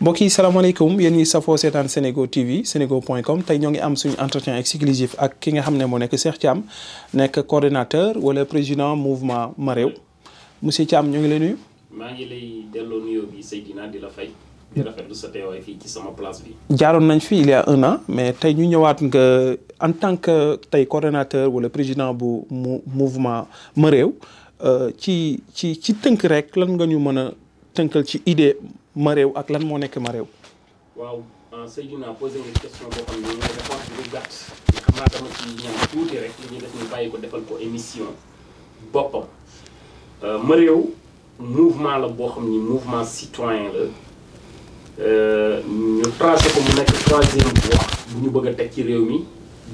mbokk yi salaamaaleykum yéen ñi safoo seetaan Senego TV comme tey ñoo ngi am suñu entretien exclusif ak ki nga xam ne moo nekk Cheikh Thiam nekk coordonnateur wala président mouvement Ma Réew monsieur Thiam ñoo ngi lay nuyu. maa ngi lay delloo nuyoo bi di la fay. di rafetlu sa fii ci sama place bi. jaaroon nañ fi il mais tey ñu ñëwaat en tant que tey coordonnateur wala président bu mu mouvement Ma Réew euh, ci ci ci tënk rek lan nga ñu mën a tënkal ci idée. ma réew ak lan moo nekk ma réew. waaw ah, Seydina posé nga question boo xam ne mooy réponse bi gàtt nga xam naa dama ci ñam tuuti rek li ñu def ñu bàyyi ko defal ko émission boppam euh, ma réew mouvement la boo xam ni mouvement citoyen la euh, ñu tracé ko mu nekk troisième voie bu ñu bëgg a teg ci réew mi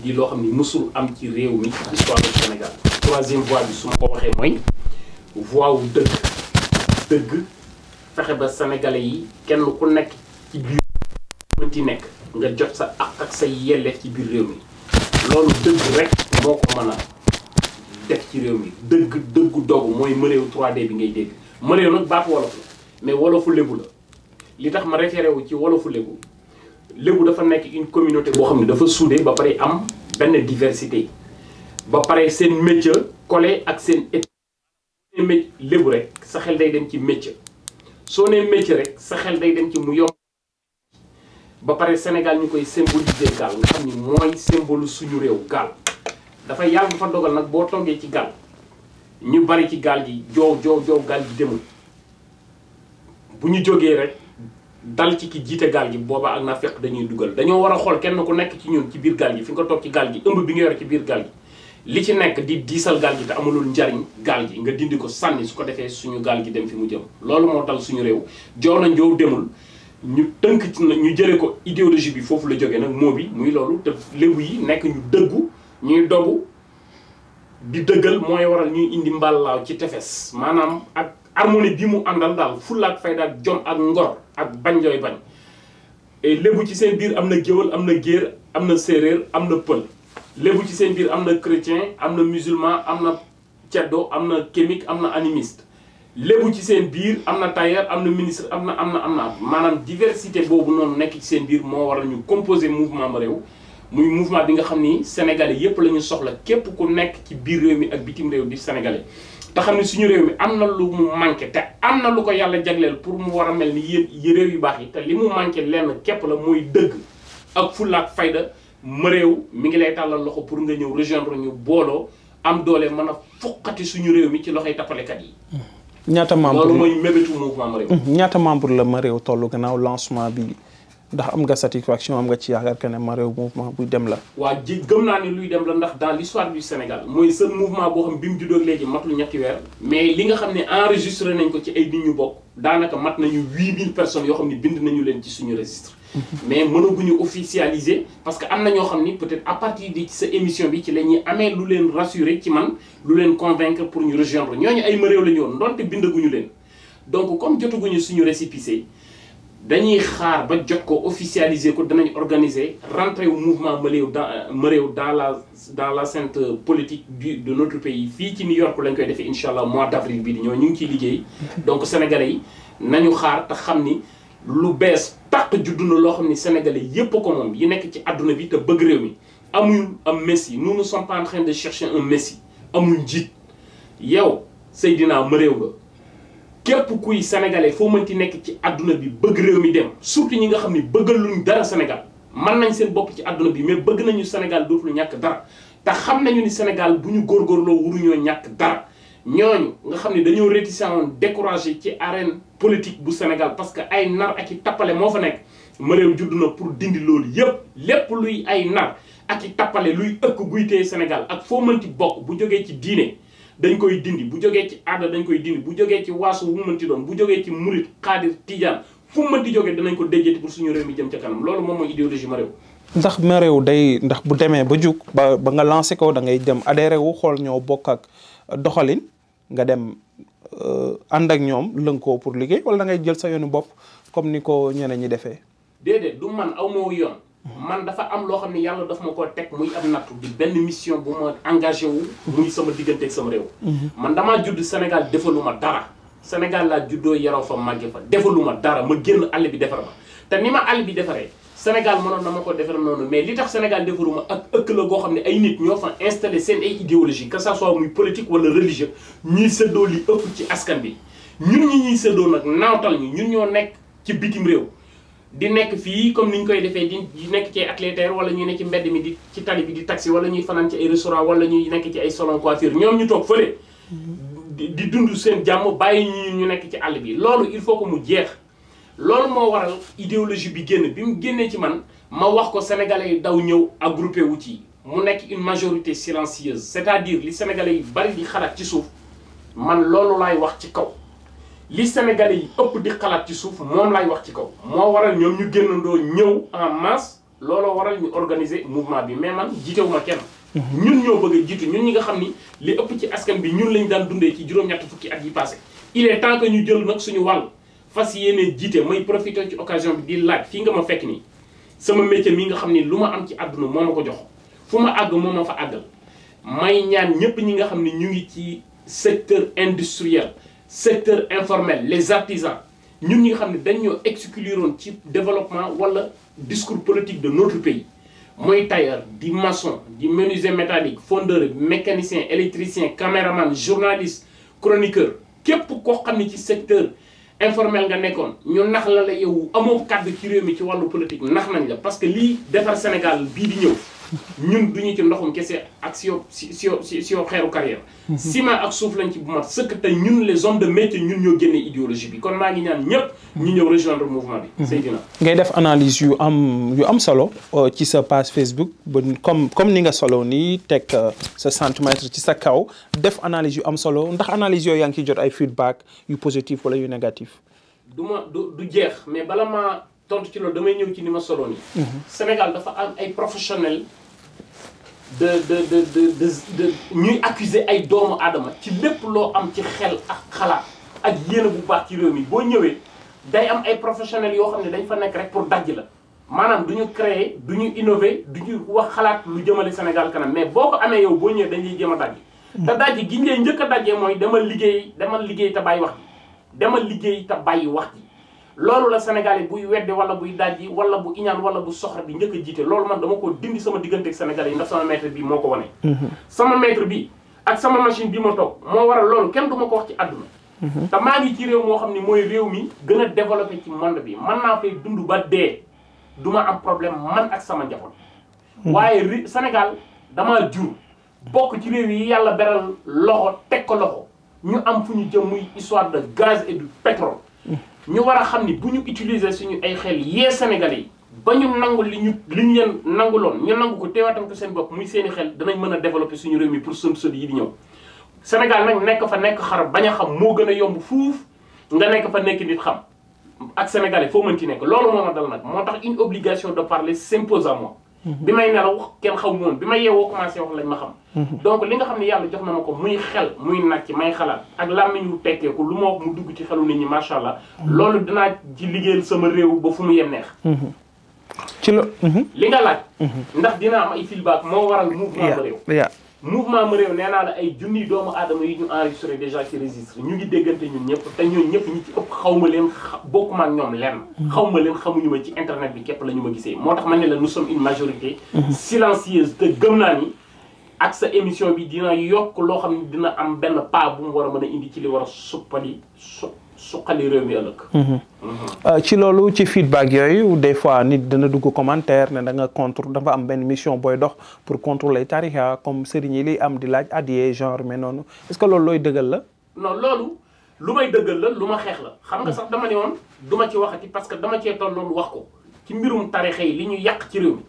di loo xam ni mësul am ci réew mi ci histoire Sénégal troisième voie bi su ma ko waxee mooy voie wu dëgg fexe ba sénégalais yi kenn ku nekk ci biir mënti nekk nga jot sa àq ak say yelleef ci biir réew mi loolu dëgg rek moo ko mën def ci réew mi dëgg dëggu doogu mooy mëneew 3D bi ngay dégg mëneew nag baatu wolof mais wolofu lébu la li tax ma référé wu ci wolofu lébu lébu dafa nekk une communauté boo xam ne dafa soudé ba pare am benn diversité ba pare seen métier collé ak seen état lébu rek sa xel day dem ci métier soo nee métier rek sa xel day dem ci mu yomb ba pare Sénégal ñu koy symboliser gaal nga xam ni mooy symbole suñu réew gaal dafa yàlla dafa dogal nag boo toggee ci gaal ñu bari ci gaal gi joow joow joow gaal gi demul bu ñu jógee rek dal ci ki jiite gaal gi booba ak naa fekk dañuy dugal dañoo war a xool kenn ku nekk ci ñun ci biir gaal gi fi nga toog ci gaal gi ëmb bi nga yor ci biir gaal gi li ci nekk di diisal gaal gi te amulul njariñ gaal gi nga dindi ko sànni su ko defee suñu gaal gi dem fi mu jëm loolu moo dal suñu réew joow na njoow demul ñu tënk ci ñu jëlee ko idéologie bi foofu la jógee nag moo bi muy loolu te lébu yi nekk ñu dëggu ñuy dogu di dëggal mooy waral ñuy indi mbàllaaw ci tefes maanaam ak harmonie bi mu àndal daal fulla ak daal jon ak ngor ak bañ looy bañ lébu ci seen biir am na géwël am na géer am na séeréer am na pël lébu ci seen biir am na chrétien am na musulman am na ceddo am na kémique am na animiste lébu ci seen biir am na tailleur am na ministre am na am na am na maanaam diversité boobu noonu nekk ci seen biir moo war a ñu composer mouvement ma réew muy mouvement bi nga xam ni sénégalais yépp lañu soxla képp ku nekk ci biir réew mi ak bitim réew di sénégalais te xam ne suñu réew mi am na lu mu manqué te am na lu ko yàlla jagleel pour mu war a mel ni yéen réew yu baax yi te li mu manqué lenn képp la mooy dëgg ak fulla ak fayda ma mëréew mi ngi lay tàllal loxo pour nga ñëw rejoindre ñu booloo am doole mën a foqati suñu réew mi ci loxo yi tappalekat yi. ñaata membre la mooy mébétu mouvement mëréew. ñaata membre la mëréew tollu gannaaw lancement bi. ndax am nga satisfaction am nga ci yaakaar que ne Marème mouvement buy dem la. waa ji gëm naa ne luy dem la ndax dans l'histoire du Sénégal mooy seul mouvement boo xam bi mu juddoo léegi lu ñetti weer. mais li nga xam ne enregistré nañ ko ci ay nit ñu bokk daanaka mat nañu huit mille personnes yoo xam ne bind nañu leen ci suñu registre. mais mënaguñu officialiser parce que am na ñoo xam ni peut-être à partir de sa émission bi ci la ñuy amee lu leen rassurer ci man lu leen convaincre pour ñu rejoindre ñooñu ay ma la ñu woon ndonte bindaguñu leen donc comme jotaguñu suñu récépissé dañuy xaar ba jot ko officialiser ko danañ organiser rentrée wu mouvement Maréew dans euh, Maréew dans la dans la scène politique du de notre pays fii ci New York lañ koy defee incha allah mois d' avril bii di ñëw ñu ngi ciy liggéey. donc sénégalais yi nañu xaar tax xam ni lu bees tàq juddu na loo xam ni sénégalais yépp ko moom yi nekk ci àdduna bi te bëgg réew mi. amuñu am messie nous ne sommes de chercher un messie amul njiit yow Seydina Maréew nga. képp kuy sénégalais foo mënti nekk ci àdduna bi bëgg réew mi dem surtout ñi nga xam ne bëggal luñ dara Sénégal mën nañ seen bokk ci àdduna bi mais bëgg nañu Sénégal dootul ñàkk dara te xam nañu ni Sénégal bu ñu góor góorgóorloo wuruñoo ñàkk dara ñooñu nga xam ni dañoo réticent woon découragé ci arène politique bu Sénégal parce que ay nar ak i tappale moo fa nekk Marème judd na pour dindi loolu yépp lépp luy ay nar ak i tappale luy ëkk guy tee Sénégal ak foo mënti bokk bu jógee ci diine dañ koy dindi bu jógee ci aada dañ koy dindi bu jógee ci waasu wu mënti doon bu jogee ci murit xaadir tijaan fu mu mënti jógee danañ ko déjjati pour suñu réew mi jëm ca kanam loolu moom mooy idéologie ma réew ndax ma réew day ndax bu demee ba jug ba ba nga lancé ko da ngay dem adhéré wu xool ñoo bokk ak doxalin nga dem euh, ànd ak ñoom lënkoo pour liggéey wala da ngay jël sa yoonu bopp comme ni ko ñeneen ñi defee déedéet du man aw moo yoon man dafa am loo xam ne yàlla daf ma koo teg muy am nattu di benn mission bu ma engagé wu. muy sama digganteeg sama réew. Mhm. man damaa judd Sénégal defaluma dara. Sénégal laa juddoo yaroo fa màggee fa defaluma dara ma génn àll bi defar ma te ni ma àll bi defaree Sénégal mënoon na ma ko defar noonu mais li tax Sénégal defaruma ak ëkk la goo xam ne ay nit ñoo fa installé seen ay idéologie que ça soit muy politique wala religieux ñuy séddoo li ëpp ci askan bi ñun ñi ñuy séddoo nag naawtal ñu ñun ñoo nekk ci bitim réew. di nekk fii comme ni ñu koy defee di nekk ci atelier wala ñuy nekk ci mbedd mi di ci tali bi di taxi wala ñuy fanaan ci ay restaurant wala ñuy nekk ci ay salon coiffure ñoom ñu toog fële. Mhm. di dundu seen jàmm bàyyi ñu ñu nekk ci àll bi loolu il faut que mu jeex. loolu moo waral idéologie bi génn bi mu génnee ci man ma wax ko sénégalais yu daw ñëw agroupé wu ci mu nekk une majorité silencieuse c'est-à-dire li sénégalais yi bari di xalaat ci suuf man loolu laay wax ci kaw. li Sénégalais yi ëpp di xalaat ci suuf moom laay wax ci kaw. moo waral ñoom ñu génnandoo ñëw en masse looloo waral ñu organiser mouvement bi mais man jiitewuma kenn. ñun ñoo bëgg a jiitu ñun ñi nga xam ni li ëpp ci askan bi ñun lañu daan dundee ci juróom-ñett fukki ak yi passé il est temps que ñu jël nag suñu wàll fas yéene jiite may profité ci occasion bi di laaj fii nga ma fekk nii sama métier mi nga xam ni lu ma am ci àdduna moo ma ko jox fu ma àgg moo ma fa àggal ñaan ñëpp ñi nga xam ni ñu ngi ci secteur industriel. secteur informel les artisans ñun ñi xam ne dañ ñoo excluroon ci développement wala discours politique de notre pays mooy tailleur di maçon di menuisier métallique fondeur mécanicien électricien caméraman journaliste chroniqueur képp koo xam ni ci secteur informel nga nekkoon ñu nax la la yow amoo kàddu ci réew mi ci wàllu politique nax nañ la parce que lii defar Sénégal bii di ñëw ñun duñu ci ndoxum kese ak si yoo si si si yoo mhm. ak suuf lañ ci bu mat sëkk te ñun les hommes de métier ñun ñoo génne idéologie bi kon maa ngi ñaan ñëpp ñu ñëw rejoindre mouvement bi mhm. Seydina ngay def analyse yu am yu am solo euh, ci sa page Facebook ba comme comme ni nga solo nii teg euh, sa centimètre ci sa kaw def analyse yu solo ndax analyse yooyu yaa ngi ciy jot ay feedback yu positif wala yu négatif du ma du du jeex mais bala ma tontu ci loolu damay ñëw ci ni ma solo nii mhm. Sénégal dafa am ay professionnels de de de de ñuy accuser ay doomu aadama ci lépp loo am ci xel ak xalaat ak yéene bu baax ci réew mi boo ñëwee day am ay professionnels yoo xam ne dañ fa nekk rek pour dajj la maanaam du ñu créer du ñu innover du ñu wax xalaat lu jëmale Sénégal kanam mais boo ko amee yow boo ñëwee dañuy jëm a dajj te dajj gi ñu njëkk a dajjee mooy demal liggéey demal liggéey te bàyyi wax demal liggéey te bàyyi wax loolu la Sénégal yi buy wedde wala buy yi wala bu iñaan wala bu soxla bi njëkk a jiite loolu man dama koo dindi sama diggante ak Sénégal yi ndax sama maître bi moo ko wane. Mhm. sama maître bi ak sama machine bi ma toog moo waral loolu kenn du ma ko wax ci àdduna. Mhm. te maa ngi ci réew moo xam ne mooy réew mi gën a développé ci monde bi man naa fay dund ba dee du am problème man ak sama njaboot. Mhm. waaye Sénégal dama jur bokk ci réew yi yàlla beral loxo teg ko loxo ñu am fu ñu jëm muy histoire de gaz ñu war a xam ni bu ñu utiliser suñu ay xel yee Sénégalais yi ba ñu nangu li ñu li ñu leen nanguloon ñu nangu ko teewaatam ko seen bopp muy seeni xel danañ mën a développer suñu réew mi pour sën sën yi di ñëw. Sénégal nag nekk fa nekk xar bañ a xam moo gën a yomb fuuf nga nekk fa nekk nit xam ak sénégalais foo mën ci nekk loolu moo ma dal nag moo tax une obligation de parler s'impose à moi. bi may nelaw kenn xaw ma woon bi may yeewoo commencé wax lañ ma xam. Mhm. donc li nga xam ne yàlla jox na ma ko muy xel muy nag ci may xalaat ak làmmiñ wu tekkeeku lu ma wax mu dugg ci xelu nit ñi macha allah. Mhm. loolu danaa ci liggéey sama réew ba fu mu yem neex. Mhm. ci lo. li nga laaj. ndax dina am ay feedback moo waral mouvement ba réew. mouvement ma réew nee naa la ay junniy doomu aadama yi ñu enregistré déjà ci registre ñu ngi déggante ñun ñëpp te ñëpp ñi ci ëpp xaw ma leen bokkuma ak ñoom lenn. Mm-hmm. xaw ma leen xamuñu ma ci internet bi képp la ñu ma gisee moo tax ma ne la nous sommes une majorité. Mm-hmm. silencieuse te gëm naa ni. ak sa émission bi dina yokk loo xam ne dina am benn pas bu mu war a mën a indi ci li war a yi su suqali réew mi ëllëg. Mhm. Mhm. Euh, ci loolu ci feedback yooyu des fois nit dana dugg commentaire ne da nga contre dafa am benn mission booy dox pour contrôler tarixa comme sëriñ yi liy am di laaj addiye genre mais noonu est-ce que loolu looy dëggal la. non loolu lu may dëggal la lu ma xeex la xam nga sax dama ne woon du ma ci waxati parce que dama cee tolloon wax ko ci mbirum tarixa yi li ñu yàq ci réew mi.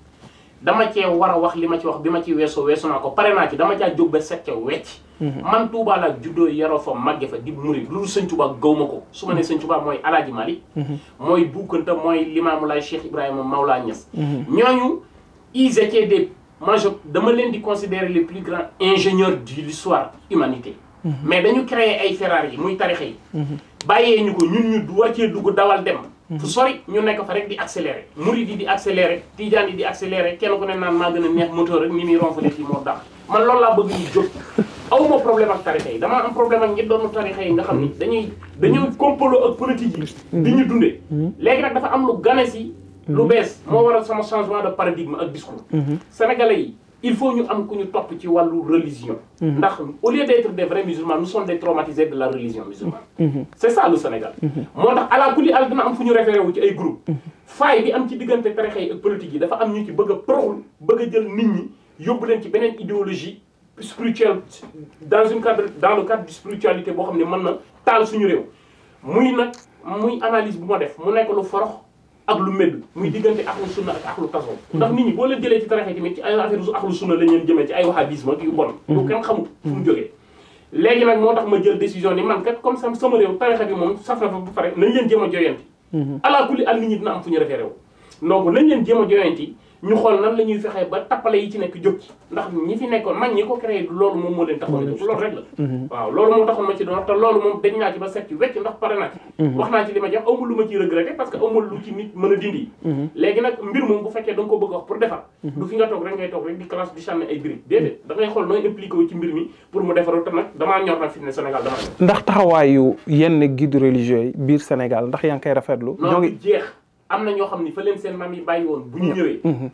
dama cee war a wax li ma ci wax bi ma ci weesoo weesu naa ko pare naa ci dama caa jóg ba set ca wecc mhm. man Touba laa juddoo yaroo fa màgge fa di murid loolu sëñ Touba gaw ko su ma nee mhm. sëñ Touba mooy Alaaji Malik mhm. mooy Buukanta mooy Limaamu Laay Cheikh Ibrahima Mawla Niass ñooñu ils étaient des moi je dama leen di considérer les plus grands ingénieurs de l'histoire humanité mais dañu créer ay Ferrari yi muy tarix yi bàyyee ñu ko ñun ñu du wàccee dugg dawal dem fu sori ñu nekk fa rek di accéléré murid yi di accéléré tijaan yi di accéléré kenn ku ne naan maa gën a neex moteur rek ni muy ronfale fii moo dàq man lool laa bëgg ñu jóg aw ma problème ak tarixa yi damaa am problème ak ñi doonu tarixa yi nga xam ni dañuy dañuy complot ak politique yi di ñu dundee léegi nag dafa am lu ganes yi lu mhm. bees moo waral sama changement de paradigme ak discours mhm. sénégalais yi il faut ñu am ku ñu topp ci wàllu religion. Mhm. ndax au lieu d'être des vrais musulmans nous sommes de la religion musulmane. Mhm. Mhm. c'est ça le Sénégal. moo tax ala kulli al dina am fu ñu référé wu ci ay group faay bi am ci diggante tarixa ak politique yi dafa am ñu ci bëgg a proxul bëgg jël nit ñi yóbbu leen ci beneen idéologie spirituelle dans une cadre dans le cadre de spiritualité boo xam ne mën na taal suñu réew. muy nag muy analyse bu ma def mu nekk lu forox. ak lu medd muy diggante axlu sunna ak axlu kaso mm-hmm. ndax nit ñi boo leen jëlee ci tarixa tamit ci ay affaire su axlu sunna lañ leen jëmee ci ay wahhabisme ak yu bon mm-hmm. lu kenn xamul fu mu mm-hmm. jógee léegi nag moo tax ma jël décision ni man kat comme sam sama réew tarixa bi moom saf na fa ba pare nañ leen jéem a joyanti alaa kulli al nit ñi dina am fu ñu référé wu donc nañ leen jéem a joyanti ñu xool nan la ñuy fexee ba tappale yi ci nekk jóg ci ndax ñi fi nekkoon mag ñi ko créé du loolu moom moo leen taxoon a mhm. ma ci doon te loolu moom dañ naa ci ba set ci wecc ndax mhm. ma lu ma ciy regretté parce que amul lu ci nit mën a dindi mhm. léegi nag mbir moom bu fekkee da nga ko bëgg wax pour defar du fi nga toog rek ngay toog rek di classe di sànni ay briques déedéet da ngay xool nooy impliqué wu ci mbir mi pour mu defaru te nag damaa ñor nag fi Sénégal damaa ndax taxawaayu yenn guide religieux yi ngi koy rafetlu am na ñoo xam ni fa leen seen maam yi bàyyi woon bu ñu ñëwee mm-hmm.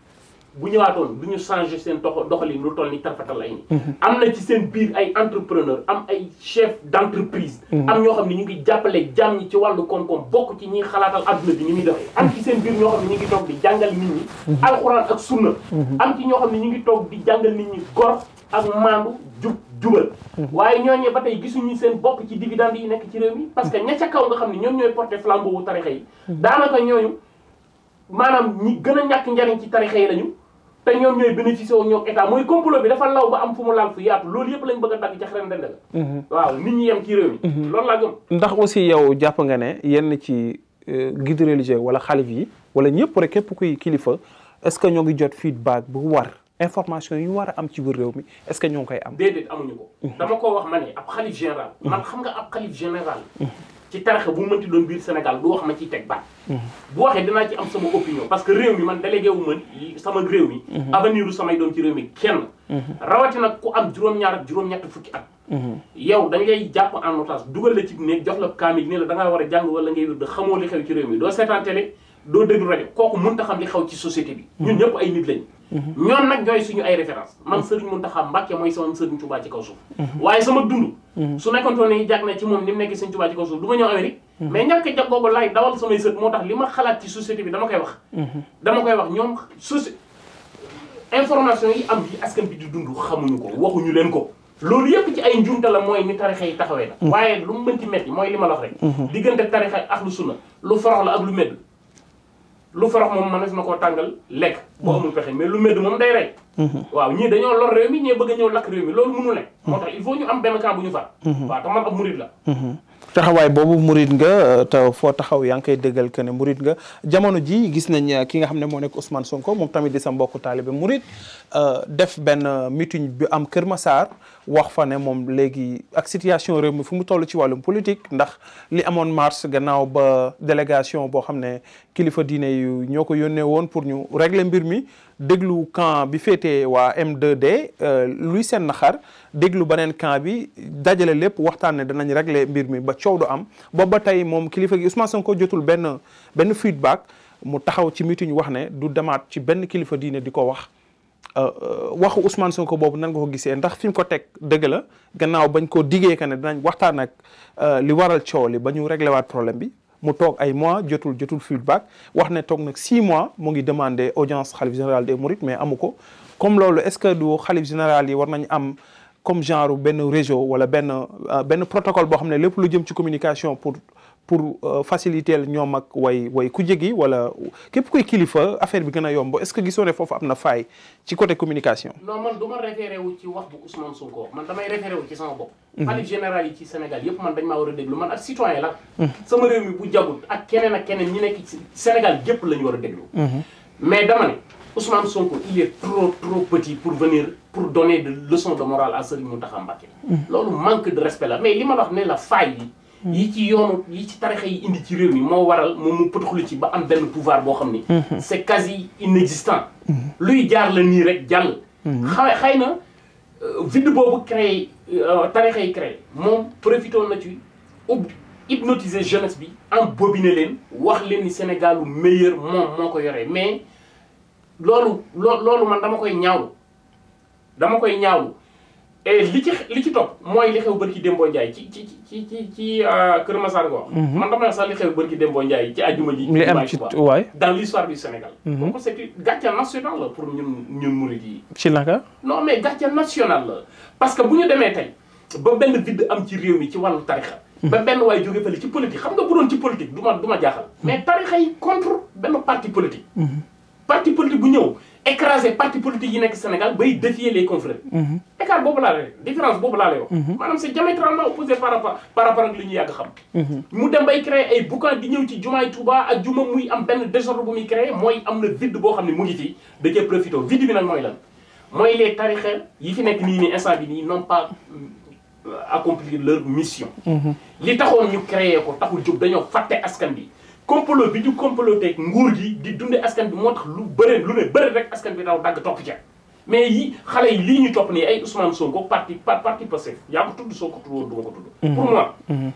bu ñëwaatoon du ñu changé seen tox doxalin lu toll ni tarfatal lay ni mm-hmm. am na ci seen biir ay entrepreneur am ay chef d' entreprise mm-hmm. am ñoo xam ne ñu ngi jàppale jàmm ñi ci wàllu koom-koom bokk ci ñi xalaatal adduna bi ñu muy doxee am ci seen biir ñoo xam ne ñu ngi toog di jàngal nit ñi alxuraan ak sunna am ci ñoo xam ne ñu ngi toog di jàngal nit ñi gor ak maandu jub jubal. waaye ñooñu ba tey gisuñu seen bopp ci dividende yi nekk ci réew mi. parce que ña ca kaw nga xam ne ñoom ñooy porté flambeau tarixa yi. Hmm. daanaka ñooñu maanaam ñi gën a ñàkk njariñ ci tarixa yi lañu. te ñoom ñooy bénéficié ñoo ñoom état mooy complot bi dafa law ba am fu mu laal fu yaatu loolu yëpp lañ bëgg a dagg ca xren la hmm. waaw nit ñi yem ci réew mi. Hmm. loolu laa gëm. ndax aussi yow jàpp nga ne yenn ci euh, guide religieux wala xalif yi wala ñëpp rek képp kuy kilifa est-ce que ñoo ngi jot feedback bu war information yu war a am ci biir réew mi est-ce que ñoo ngi koy am. déedéet amuñu ko. Mm-hmm. dama ko wax ma ne ab xalif général. Mm-hmm. man xam nga ab xalif général. Mm-hmm. ci tarixa bu mënti doon biir Sénégal du wax ma ciy teg baat. bu waxee dinaa ci am sama opinion parce que réew mi man délégué wu ma sama réew mi. avenir u samay doom ci réew mi kenn. rawatina ku am juróom-ñaar ak juróom-ñett fukki at. yow dañ lay jàpp en otage dugal la ci néeg jox la kaamil ne la da ngaa war a jàng wala ngay wér de xamoo li xew ci réew mi doo seetaan télé doo déglu rajo kooku mën xam ni xaw ci société bi ñun ñëpp ay nit lañ mhm. ñoom nag ñooy suñu ay référence man mhm. sëriñ Mountakha Mbacké mooy sama sëriñ Touba ci kaw suuf mhm. waaye sama dund su nekkoon ne jàg na ci moom ni mu nekk sëriñ Touba ci kaw suuf du ma ñëw Amérique mais ñàkk a jag moo tax li ma xalaat ci société bi dama koy wax dama koy wax ñoom société information yi am bi askan bi di dund xamuñu ko waxuñu leen ko loolu yëpp ci ay njumte la mooy ni tarixa yi taxawee la waaye lu mu mënti metti mooy li ma la wax rek diggante tarixa yi ak lu sunna lu forox la ak lu medd lu forox moom mënees na koo tàngal lekk. boo amul pexe mais lu medd moom day rey. waaw ñii dañoo lor réew mi ñii bëgg a ñëw lakk réew mi loolu mënu ne. moo tax il faut ñu am benn camp ñu far. Mhm. waaw te man ab murid la. Mhm. taxawaay boobu murit nga euh, te foo taxaw yaa ngi koy dëggal que ne murit nga jamono ji gis nañ euh, ki nga xam ne moo nekk Ousmane Sonko moom tamit di sa mbokku taalibe murit euh, def benn meeting bi am Kër Massar wax fa ne moom léegi ak situation réew mi fu mu toll ci wàllum politique ndax li amoon mars gannaaw ba délégation boo xam ne kilifa diine yu ñoo ko yónnee woon pour ñu régler mbir mi déglu camp bi féetee waa M2D euh, luy seen naxar déglu beneen camp bi dajale lépp waxtaan ne danañ regle mbir mi ba coow du am booba tey moom kilifa gi Ousmane Sonko jotul benn benn feedback mu taxaw ci meeting wax ne du demaat ci benn kilifa diine di ko wax. Euh, euh, waxu Ousmane Sonko boobu nan nga ko gisee ndax fi ko teg dëgg la gannaaw bañ koo diggee que ne dinañ waxtaan ak li waral coow li ba ñu réglé waat problème bi. mu toog ay mois jotul jotul feedback wax ne toog nag six mois mu ngi demandé audience xalif général des Mourides mais amu ko comme loolu est-ce que du xalif général yi war nañ am comme genre benn réseau wala benn euh, benn protocole boo xam ne lépp lu jëm ci communication pour. pour euh, faciliter ñoom ak way way ku jegi wala képp kuy kilifa affaire bi gën a yomb est-ce que gisoo ne foofu am na faay ci côté communication. non man du ma ci wax bu Ousmane Sonko man damay référé wu ci sama bopp. xalif mhm. yi ci Sénégal yëpp man dañ maa war a déglu man mhm. bu jagut ak keneen ak keneen ñu nekk ci Sénégal yëpp la war a déglu. Mhm. mais dama ne Ousmane Sonko il est trop trop petit pour venir pour donner de leçon de morale à Serigne Mountakha Mbacké. loolu manque de respect la mais yi ci yoonu yi ci tarixa yi indi ci réew mi moo waral moom mu lu ci ba am benn pouvoir boo xam ni mhm. c'est quasi inexistant mhm. luy jaar la nii rek jàll mhm. xay xëy na euh, vide boobu créé euh, tarixa yi créé moom profité na ci ub hypnotiser jeunesse bi embobiner leen wax leen ni Sénégalu meilleur moom moo ko yoree mais loolu loo loolu man dama koy ñaawlu dama koy ñaawu et li ci li ci topp mooy li xew bërki Dembo Ndiaye ci ci ci ci ci euh, Kër Masar nga wax. Mhm. man dama ne sax li xew bërki Dembo Ndiaye ci àjjuma ji. li am ci waay dans l'histoire du Sénégal. donc c' est gàcce national la pour ñun ñun ci naka. non mais gàcce national la parce que bu ñu demee tey ba benn vide am ci réew mi ci wàllu tarixa mhm. ba benn waay jóge fële ci politique xam nga bu doon ci politique du ma du ma jaaxal. Mhm. mais tarixa yi contre benn parti politique. parti politique bu ñëw. écraser parti politique yi nekk Sénégal bay défier les confrères. Mhm. écart boobu laa lay différence boobu laa lay wax. Mhm. maanaam c'est diamétralement opposé par rapport par rapport ak li yàgg xam. Mhm. mu dem ba créer ay boucan di ñëw ci jumaay Touba ak juma muy am benn désordre bu muy créer mooy am na vide boo xam ne mu ngi fi da cee profité bi nag mooy lan. mooy les tarixa yi fi nekk nii nii instant bi nii non pas euh, accomplir leur mission. li taxoon ñu créer ko taxul jóg dañoo fàtte askan bi. compolo bi ñu comploté nguur gi di dunde askan bi moo tax lu bëre lu ne bëri rek askan bi daw dagg topp ca mais yi xale yi lii ñu topp nii ay Ousmane Sonko parti parti Pastef yaa ko tudd soo ko tudd woon du ko tudd. Mm-hmm. pour moi. Mm-hmm.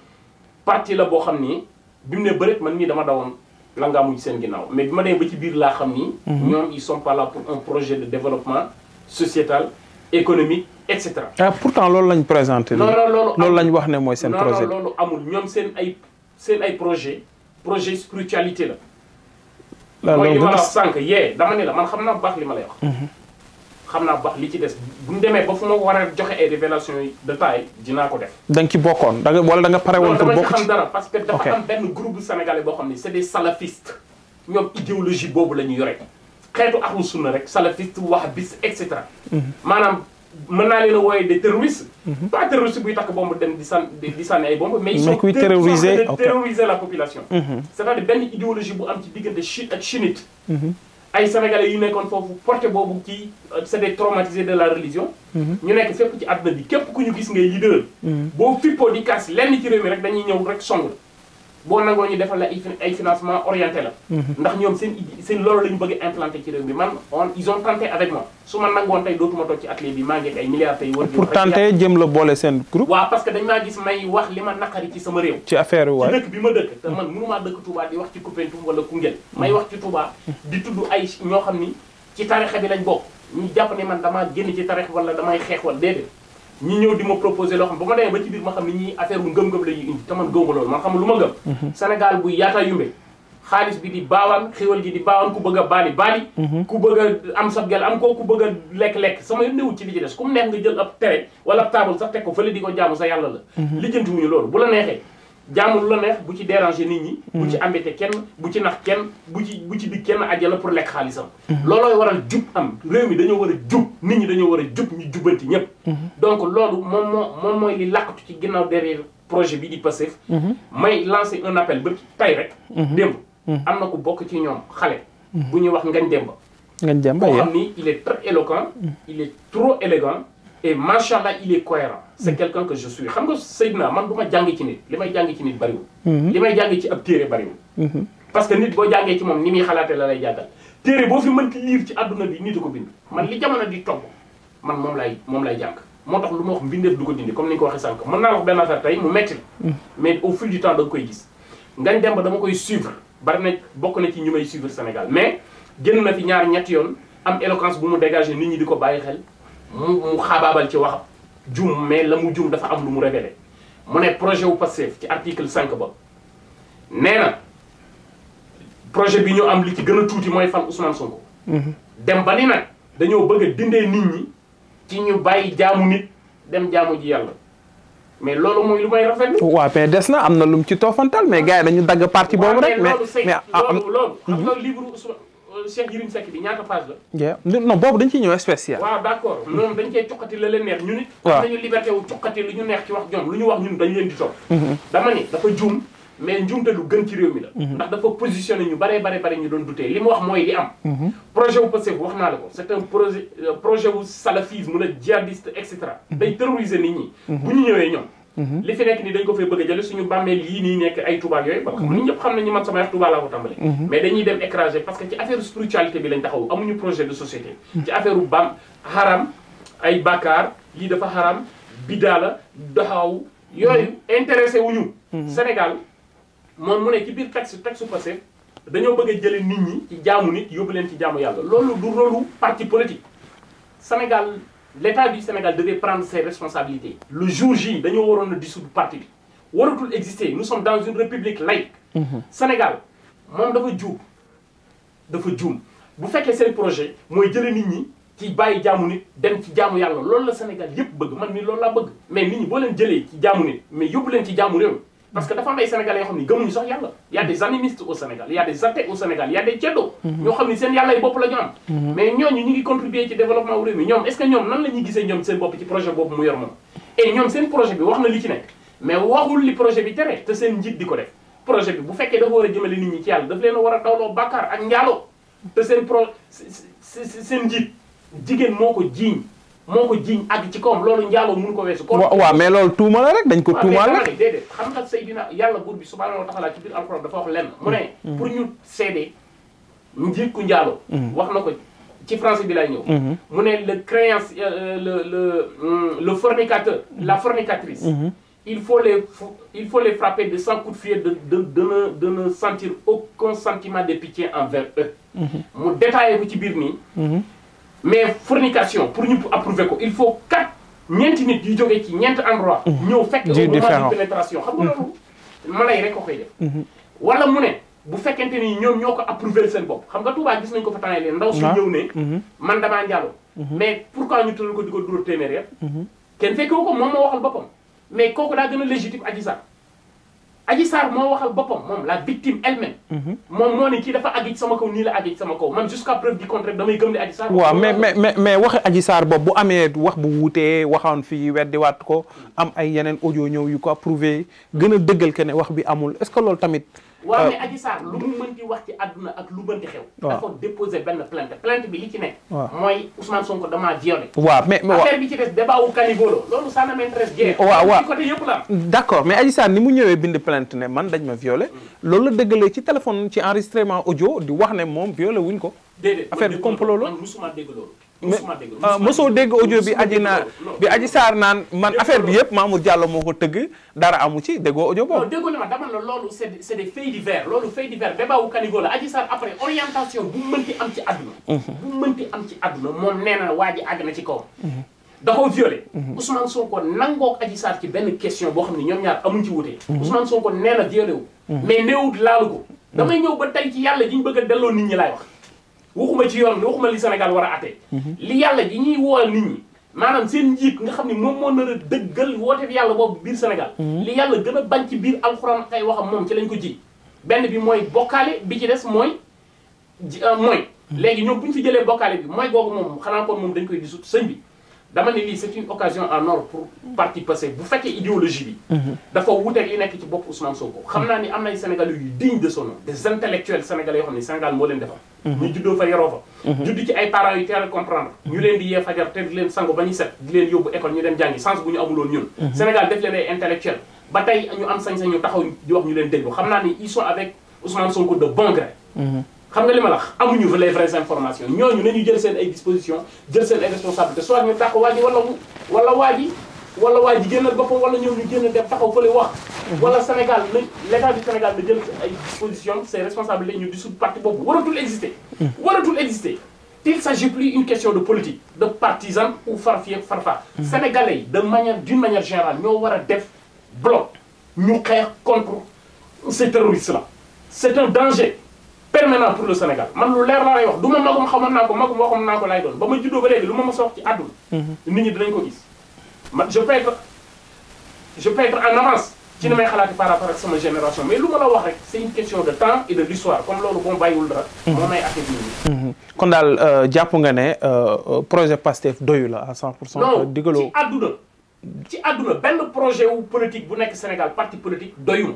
parti la boo xam ni bi mu ne bëreet man nii dama dawoon la nga mujj seen ginnaaw mais bi ma demee ba ci biir laa xam ni. Mm-hmm. ñoom ils sont pas pour un projet de développement societal économique et cetera. ah pourtant loolu lañ présenté. non non loolu loolu lañ wax ne mooy seen loolu amul ñoom seen ay seen ay projet projet spiritualité la. mooy li ma la wax sànq yee dama ne la man xam naa bu baax li ma lay wax. Mhm. xam naa bu baax li ci des bu ñu demee ba fu ma war a joxe ay révélation de taille dinaa ko def. da ci bokkoon da nga wala da nga pare woon pour bokk ci dara parce que dafa am benn groupe sénégalais boo xam ne c'est des salafistes ñoom idéologie boobu la ñu yore xeetu axlu sunna rek salafiste wax bis et cetera. Mhm. maanaam mën naa leena a wooyee des terroristes. Mhm. pas terroristes buy takk bomb dem di san di sànni ay bomb. mais ils sont terrorisés terroriser la population. Mhm. c'est-à-dire benn idéologie bu am ci diggante chiite ak chiite. Mhm. ay sénégalais yu nekkoon foofu porté boobu ci euh, c'est des traumatisés de la religion. ñu nekk fépp ci àdduna bi képp ku ñu gis ngay leader. boo fippoo di kaas lenn ci réew mi rek dañuy ñëw rek song. boo nangoo ñu defal la ay ay financement orienté la. Mhm. ndax ñoom seen seen loolu la ñu bëgg implanté ci réew mi man on ils ont tenté avec moi su ma nangoon tey dootuma toog ci atelier bi maa ngi ay milliards tey. war pour tenter boole seen groupe. waaw que dañ maa gis may wax li ma naqari ci sama réew. ci affaire waay ci dëkk bi ma dëkk. te man mënumaa dëkk Touba di wax ci Koupentoum wala Koungheul. may wax ci Touba di tudd ay ñoo xam ni ci tarixa bi lañ bokk ñu jàpp ne man damaa génn ci tarix wala damay xeex wala déedéet. ñi ñëw di ma proposé loo xam ba ma demee ba ci biir ma xam ni ñi affaire bu ngëm-ngëm la ñuy indi te man gëwma loolu man xam lu ma ngëm mhm. Sénégal bu yaata yumbe xaalis bi di baawaan xéwal gi di baawaan ku bëgg a baali baali mhm. ku bëgg am sa gel am ko ku bëgg lekk-lekk sama yoon newul ci li ci des ku mu neex nga jël ab tere wala taabul taabal sax teg ko fële di ko jaamu sa yàlla la mhm. lijjanti wuñu loolu bu la neexee jaamu lu la neex bu ci déranger nit ñi. bu ci mm. embêté kenn bu ci nax kenn bu ci bu ci dig kenn àjjana pour lekk xaalisam. Mm-hmm. loolooy waral jub am réew mi dañoo war a jub nit ñi dañoo war a jub ñu jubanti ñëpp. Mm-hmm. donc loolu moom moom mooy li làqatu ci ginnaaw derrière projet bi di Pastef. Mm-hmm. may lancer un appel ba tay rek. démb am na ko bokk ci ñoom xale. bu ñuy wax ngañ Demba. Ngagne Demba boo xam ni il est très éloquent. il est trop élégant. et macha allah il est cohérent c' est mm. que je suis xam nga Seydina man du ma jàng ci nit li may jàng ci nit bariwul. Mm-hmm. li may jàng ci ab téere bariwul. Mm-hmm. parce que nit boo jàngee ci moom ni muy xalaatee la lay jàngal téere boo fi mënti liir ci àdduna bi nit a ko bind. man li jamono di togg man moom lay moom lay jàng moo tax lu ma wax mbindeef du ko dindi comme ni ñu ko waxee sànq mën naa wax benn affaire tey mu metti la. Mm. mais au fil du temps da nga koy gis. Ngagne Demba bari na bokk na ci ñu may suivre Sénégal mais génn na fi ñaar ñetti yoon am éloquence bu mu dégagé nit ñi di ko bàyyi xel. mu mu xaabaabal ci wax jum mais la mu juum dafa am lu mu révélé mu ne projet wu Pastef ci article 5 ba nee projet bi ñu am li ci gën a tuuti mooy fan Ousmane Sonko. Mhm. dem ba ni nag dañoo bëgg dindee nit ñi ci ñu bàyyi jaamu nit dem jaamu ji yàlla mais loolu mooy lu may rafetlu. waaw mais des na am na lu mu ci toofantal mais gars yi dañu dagg parti boobu rek. mais ah, loolu loolu xam nga mhm. Euh, Cheikh Yérim Seck bi ñaata page la. non boobu dañ ciy ñëw spécial. waaw d' accord mm-hmm. ñoom dañ cee cuqati la neex ñu nit. waaw liberté wu cuqati lu ñu neex ci wax ñoom lu ñu wax ñun dañ leen di topp. Mm-hmm. dama ni dafa juum mais njuumte lu gën ci réew mi la. Mm-hmm. ndax dafa positionné ñu baree bare bare ñu doon dutee li mu wax mooy li am. projet wu bu wax naa la ko c' est projet euh, projet wu salafisme la djihadiste et cetera. day terroriser nit ñi. bu ñu ñëwee ñoom. Mhm. li fi nekk nii dañ ko fay bëgg jële suñu bàmmeel yii nii nekk ay Touba yooyu ba xam ni ñëpp xam nañu man sama wax Touba laa ko tàmbale mhm. mais dañuy dem écraser parce que ci affaire spiritualité bi lañ taxaw amuñu projet de société mhm. ci affaire u bam ay bàkkaar lii dafa xaram bidaa la doxaw yooyu intéressé wuñu Sénégal moom mu ne ci biir texte texte passé dañoo bëgg a jële nit ñi ci jaamu nit yóbbu leen ci jaamu yàlla loolu du rôlu parti politique Sénégal l'État du Sénégal devait prendre ses responsabilités le jour J dañoo waroon a dissoudre parti bi waratul exister nous sommes dans une république laïque mhm. Sénégal moom dafa juub dafa juum bu fekkee seen projet mooy jële nit ñi ci bàyyi jaamu nit dem ci jaamu yàlla loolu la Sénégal yëpp bëgg man mi lool laa bëgg mais nit ñi booleen jëlee ci jaamu nit mais yóbbu leen ci jaamu réew parce que dafa am ay yoo xam ne gëmuñu sax yàlla y a des animistes au Sénégal y a des athées au Sénégal y a des ceddo mhm. ñoo xam ne seen yàlla yi bopp la ñu mhm. mais ñooñu ñu ngi contribuer ci développement réew mi ñoom est ce que ñoom nan la mu yor moom et ñoom seen projet bi wax na li ci nekk mais waxul li projet bi tere te seen njiit di ko def projet bi bu fekkee dafa war a jëmale nit ñi ci yàlla daf leen a war a dawloo bàkkaar ak njaaloo te seen pro seen njiit jigéen moo ko ji moo ko jiiñ ak ci kawam loolu njaaloo mënu ko weesu. kon waaw mais loolu tuuma la rek dañ ko tuumaal rek. waaw déedéet xam nga Seydina yàlla buur bi subhaanahu wa taala ci biir alxuraan dafa wax lenn. mu ne mm-hmm. pour ñu seede njiit ku njaaloo. Mm-hmm. wax na ko ci français bi laay ñëw. Mm-hmm. mu ne le créance euh, le le mm, le fornicateur. la fornicatrice. il faut les il faut les frapper de cent coups de fouet de de ne sentir aucun sentiment de pitié envers eux. mu détaillé ko ci biir nii. mais fornication pour ñu approuver ko il faut quatre ñeenti nit yu jógee ci ñeenti endroit mhm. ñëw fekk au moment de xam nga mhm. loolu mala yi ko koy def mhm. mu ne bu fekkente ni ñoom ñoo ko approuver seen bopp xam nga Touba gis nañ ko fa temps leen ndaw su ah. ñëw ne man damaa njaaloo mais pourquoi ñu tëral ko di ko dóor téeméer kenn fekkewu ko moom moo waxal boppam mais kooku daa gën a légitime Adji Sarr aji saar moo waxal boppam moom la victime elle-même. Mhm. moom moo ne kii dafa àgg sama kaw nii la àgg ci sama kaw man jusqu'à preuve du contraire damay gëm ne Adji Sarr. waaw mais mais mais waxi Adji Sarr boobu bu amee wax bu wuutee waxoon fii weddiwaat ko am ay yeneen audio ñëw yu ko approuvé gën a dëggal que ne wax bi amul est-ce que loolu tamit. waaw mais Adji Sarr lu mu mënti wax ci adduna ak lu mënti xew. waaw dafa déposé benn plainte plainte bi li ci nekk. waaw mooy Ousmane Sonko damaa violé. waaw mais mais waaw waaw ci côté mais Adji Sarr ni mu ñëwee bind plainte ne man dañ ma violé. Mm. loolu la dëggalee ci téléphone ci enregistrement audio di wax ne moom violé wuñ ko. déedéet affaire bi complot la man Euh, mosoo dégg audio bi aji naa bi aji saar naan man affaire bi ma Mamour Diallo moo ko tëgg dara amu ci déggoo audio boobu. non déggoo na dama la loolu c' est c' est des faits divers loolu faits divers débat aji saar après orientation bu mënti am ci adduna mhm. bu mënti am ci àdduna moom nee na waa ji àgg na ci kaw mhm. da koo violé. Mhm. Ousmane Sonko nangook aji saar ci benn question boo xam ne ñoom ñaar amuñ ci wute. Ousmane Sonko nee na violé wu. mais néewut laalu ko. damay ñëw ba tey ci yàlla ji bëgg delloo nit ñi laay wax. waxuma ci yoon bi waxuma li Sénégal war a àtte. Mhm. li yàlla ji ñuy a nit ñi. maanaam seen njiit nga xam ne moom moo nar a dëggal wooteef yàlla boobu biir Sénégal. Mhm. li yàlla gën a bañ ci biir alxuraan ay waxam moom ci lañ ko ji. benn bi mooy bokkaale bi ci des mooy ji euh, mooy. Mhm. léegi ñoom bu ñu fi jëlee bokkaale bi mooy googu moom xanaa kon moom dañ koy gisut sëñ bi. dama ne lii c'est une occasion en or pour parti passé bu fekkee idéologie bi. dafa wuteeg li nekk ci bopp Ousmane Sonko. xam naa ni am na ay sénégalais yu digne de son des intellectuels sénégalais yoo xam ne Sénégal moo leen defar. Mhm. ñu juddoo fa yaroo fa. Mhm. judd ci ay parents yu teel a comprendre. ñu leen di yee fajar te di leen sangu ba ñu set di leen yóbbu école ñu dem jàngi sens bu ñu amuloon ñun. Mhm. Sénégal def leen ay intellectuels ba tey ñu am sañ-sañ xam naa ni ils xam nga li ma la amuñu fa les vraies informations ñooñu nañu jël seen ay dispositions jël seen ay responsabilités soit ñu dàq waa ji wala wala waa ji wala waa ji génnal boppam wala ñu génn def taxaw fële wax. wala Sénégal na l' état du Sénégal na jël ay dispositions ses responsabilités ñu dissoudre parti boobu waratul exister. waratul exister. il s'agit plus une question de politique de partisan ou farfi farfa sénégalais yi de manière d'une manière générale ñoo war a def bloc ñu xeex contre ces terroristes là un danger permanent pour le Sénégal man lu leer laa lay wax du ma magum xamoon naa ko magum waxoon naa ko laay doon ba ma juddoo ba léegi lu ma ma soox ci àdduna mhm. nit ñi dinañ ko gis man je peux être je ci ni may xalaati par rapport ak sama génération mais lu ma la wax rek c'est une question de temps et de l'histoire comme loolu boo bàyyiwul dara mhm. moo may affaire yi mhm. kon daal euh, jàpp nga ne euh, euh, projet PASTEF doyu la à pour cent digaloo ci àdduna ci àdduna benn projet wu politique bu nekk Sénégal parti politique doyuma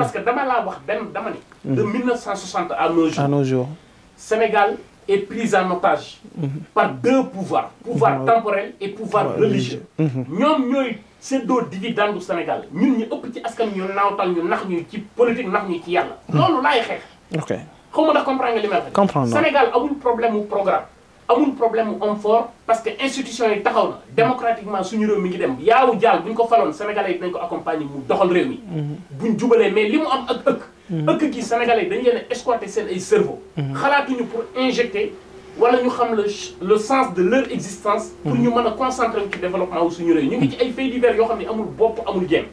parce que dama laa wax benn dama ne. Mm. de 1960 à nos jours. à nos jours. Sénégal est pris en otage. Mm-hmm. par deux pouvoirs. pouvoir temporel et pouvoir religieux. Mm-hmm. ñoom ñooy séddoo dividende du Sénégal ñun ñu ëpp ci askan ñu naawtal ñu nax ñu ci politique nax ñu ci yàlla. Mm-hmm. loolu laay xeex. ok xaw ma ndax comprendre nga li may wax. comprendre Sénégal amul problème mu programme. amul problème homme fort parce que institution yi taxaw na démocratiquement suñu réew mi ngi dem yaawu jaal bu ñu ko faloon sénégalais yi dinañ ko accompagner mu doxal réew mi. Mhm. buñ jubalee mais li mu am ak ëkk. Mhm. ëkk gi sénégalais dañ leen a exploiter seen ay cerveau. Mhm. xalaatuñu pour injecter wala ñu xam le le sens de leur existence. pour ñu mën a concentrer ci développement wu suñu réew. ñu ngi ci ay faits divers yoo xam ne amul bopp amul jéem.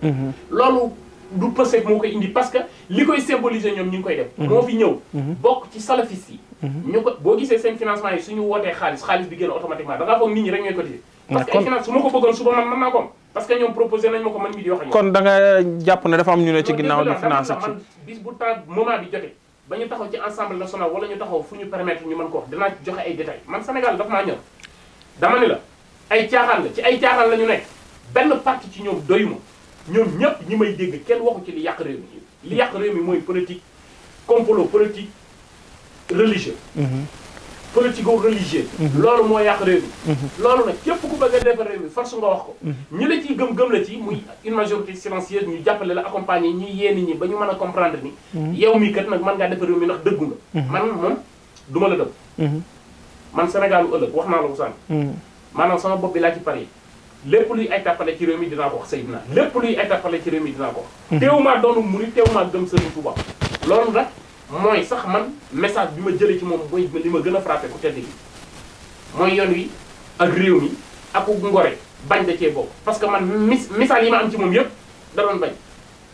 loolu du Pastef moo indi parce que li koy symboliser ñoom ñu ngi koy def. moo fi ñëw. bokk ci salafiste yi. ñu mm-hmm. ko boo gisee seen financement yi suñu wootee xaalis xaalis bi génn automatiquement da ngaa foog nit ñi rek ñooy cotiser parce que ay finance su ma ko bëggoon suba man mën naa ko am parce que ñoom proposé nañ ma ko man mii di wax ak ñoom kon da jàpp ne dafa ñu ne ci ginnaaw di financé bis bu temps moment bi jotee ba ñu taxaw ci ensemble national wala ñu taxaw fu ñu permettre ñu mën ko wax dinaa joxe ay détails man Sénégal daf maa ñor dama ni la ay caaxaan la ci ay caaxaan la ñu nekk benn parti ci ñoom doyuma ñoom ñëpp ñi may dégg kenn waxu ci li yàq réew mi yàq réew mi mooy politique complot politique religieux. Mhm. politico-religieux. Mhm. loolu moo yàq réew mi. Mhm. loolu na képp ku bëgg a defar réew mi force nga wax ko. ñu la ciy gëm gëm la ci muy une majorité silencieuse ñu jàppale la accompagner ñuy yee nit ñi ba ñu mën a comprendre ni. yow mii kat nag man ngaa defar réew mi ndax dëggu nga. man moom du ma la dëgg. man Sénégal lu ëllëg wax naa la ko sànni. maanaam sama bopp bi laa ci pare lépp luy ay tàppale ci réew mi dinaa ko wax Seydina lépp luy ay tàppale ci réew mi dinaa ko wax. teewumaa doonu murid teewumaa gëm Sëriñ mooy sax man message bi ma jëlee ci moom booy li ma gën a frappé ku tedd bi mooy yoon wi ak réew mi ak ku ngore bañ da cee bokk parce que man mis yi ma am ci moom yëpp da doon bañ.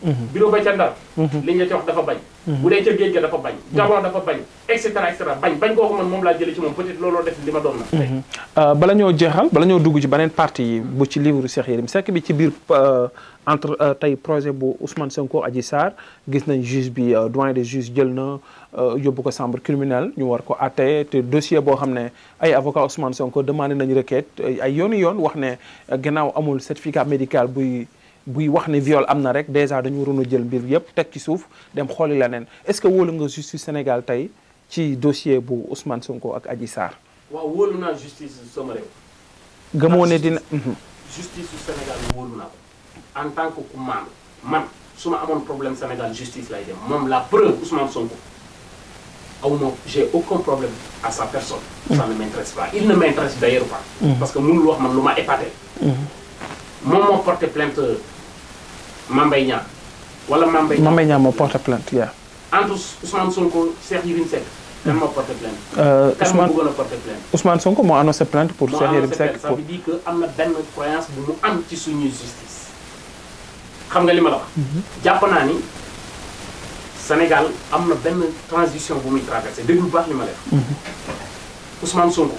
Mhm. bureau ba ca Ndar. Mhm. liñ la ci wax dafa bañ. Mhm. bu dee ca géej ga dafa bañ. Gabon dafa bañ et cetera et bañ bañ kooku man moom laa jëlee ci moom peut looloo def li ma doon na. Euh, bala ñoo jeexal bala ñoo dugg ci beneen parti yi bu ci livre Cheikh Yérim Seck bi ci biir. Euh, entre euh, tey projet bu usman Sonko aji Sarr gis nañ juge bi euh, doyen des juges jël na euh, yóbbu ko chambre criminelle ñu war ko àtte te dossier boo xam ne ay avocat Ousmane Sonko demandé nañu requête ay yooni yoon wax ne gannaaw amul certificat médical buy buy wax ne viole am na rek déjà dañu waroon a jël mbir yëpp teg ci suuf dem xooli leneen est-ce que wóolu nga justice Sénégal tey ci dossier bu usman Sonko ak Adji Sarr. waaw wóolu naa justice sama gëmoo en tant que ku maam man su ma amoon problème Sénégal justice lay moom la preuve Ousmane Sonko aw ma j'ai aucun problème à sa personne. ça ne m'intéresse pas il ne m'intéresse d'ailleurs pas. Mhm. parce que mënul wax man lu ma épaté. Mhm. moom moo porté plainte Mame ñaan Niang wala Mame Mbaye. Mame Mbaye moo porté plainte yaa. entre Ousmane Sonko Cheikh Yérim Seck. kan moo porté plainte. Euh, kan a porté plainte. Ousmane Sonko moo annoncé plainte pour. Cheikh Yérim Seck pour moo annoncé dire que am na benn croyance ci suñuy xam nga li ma la wax. jàpp naa ni Sénégal am na benn transition bu muy traversé déglu lu baax li ma lay wax. quelque Sonko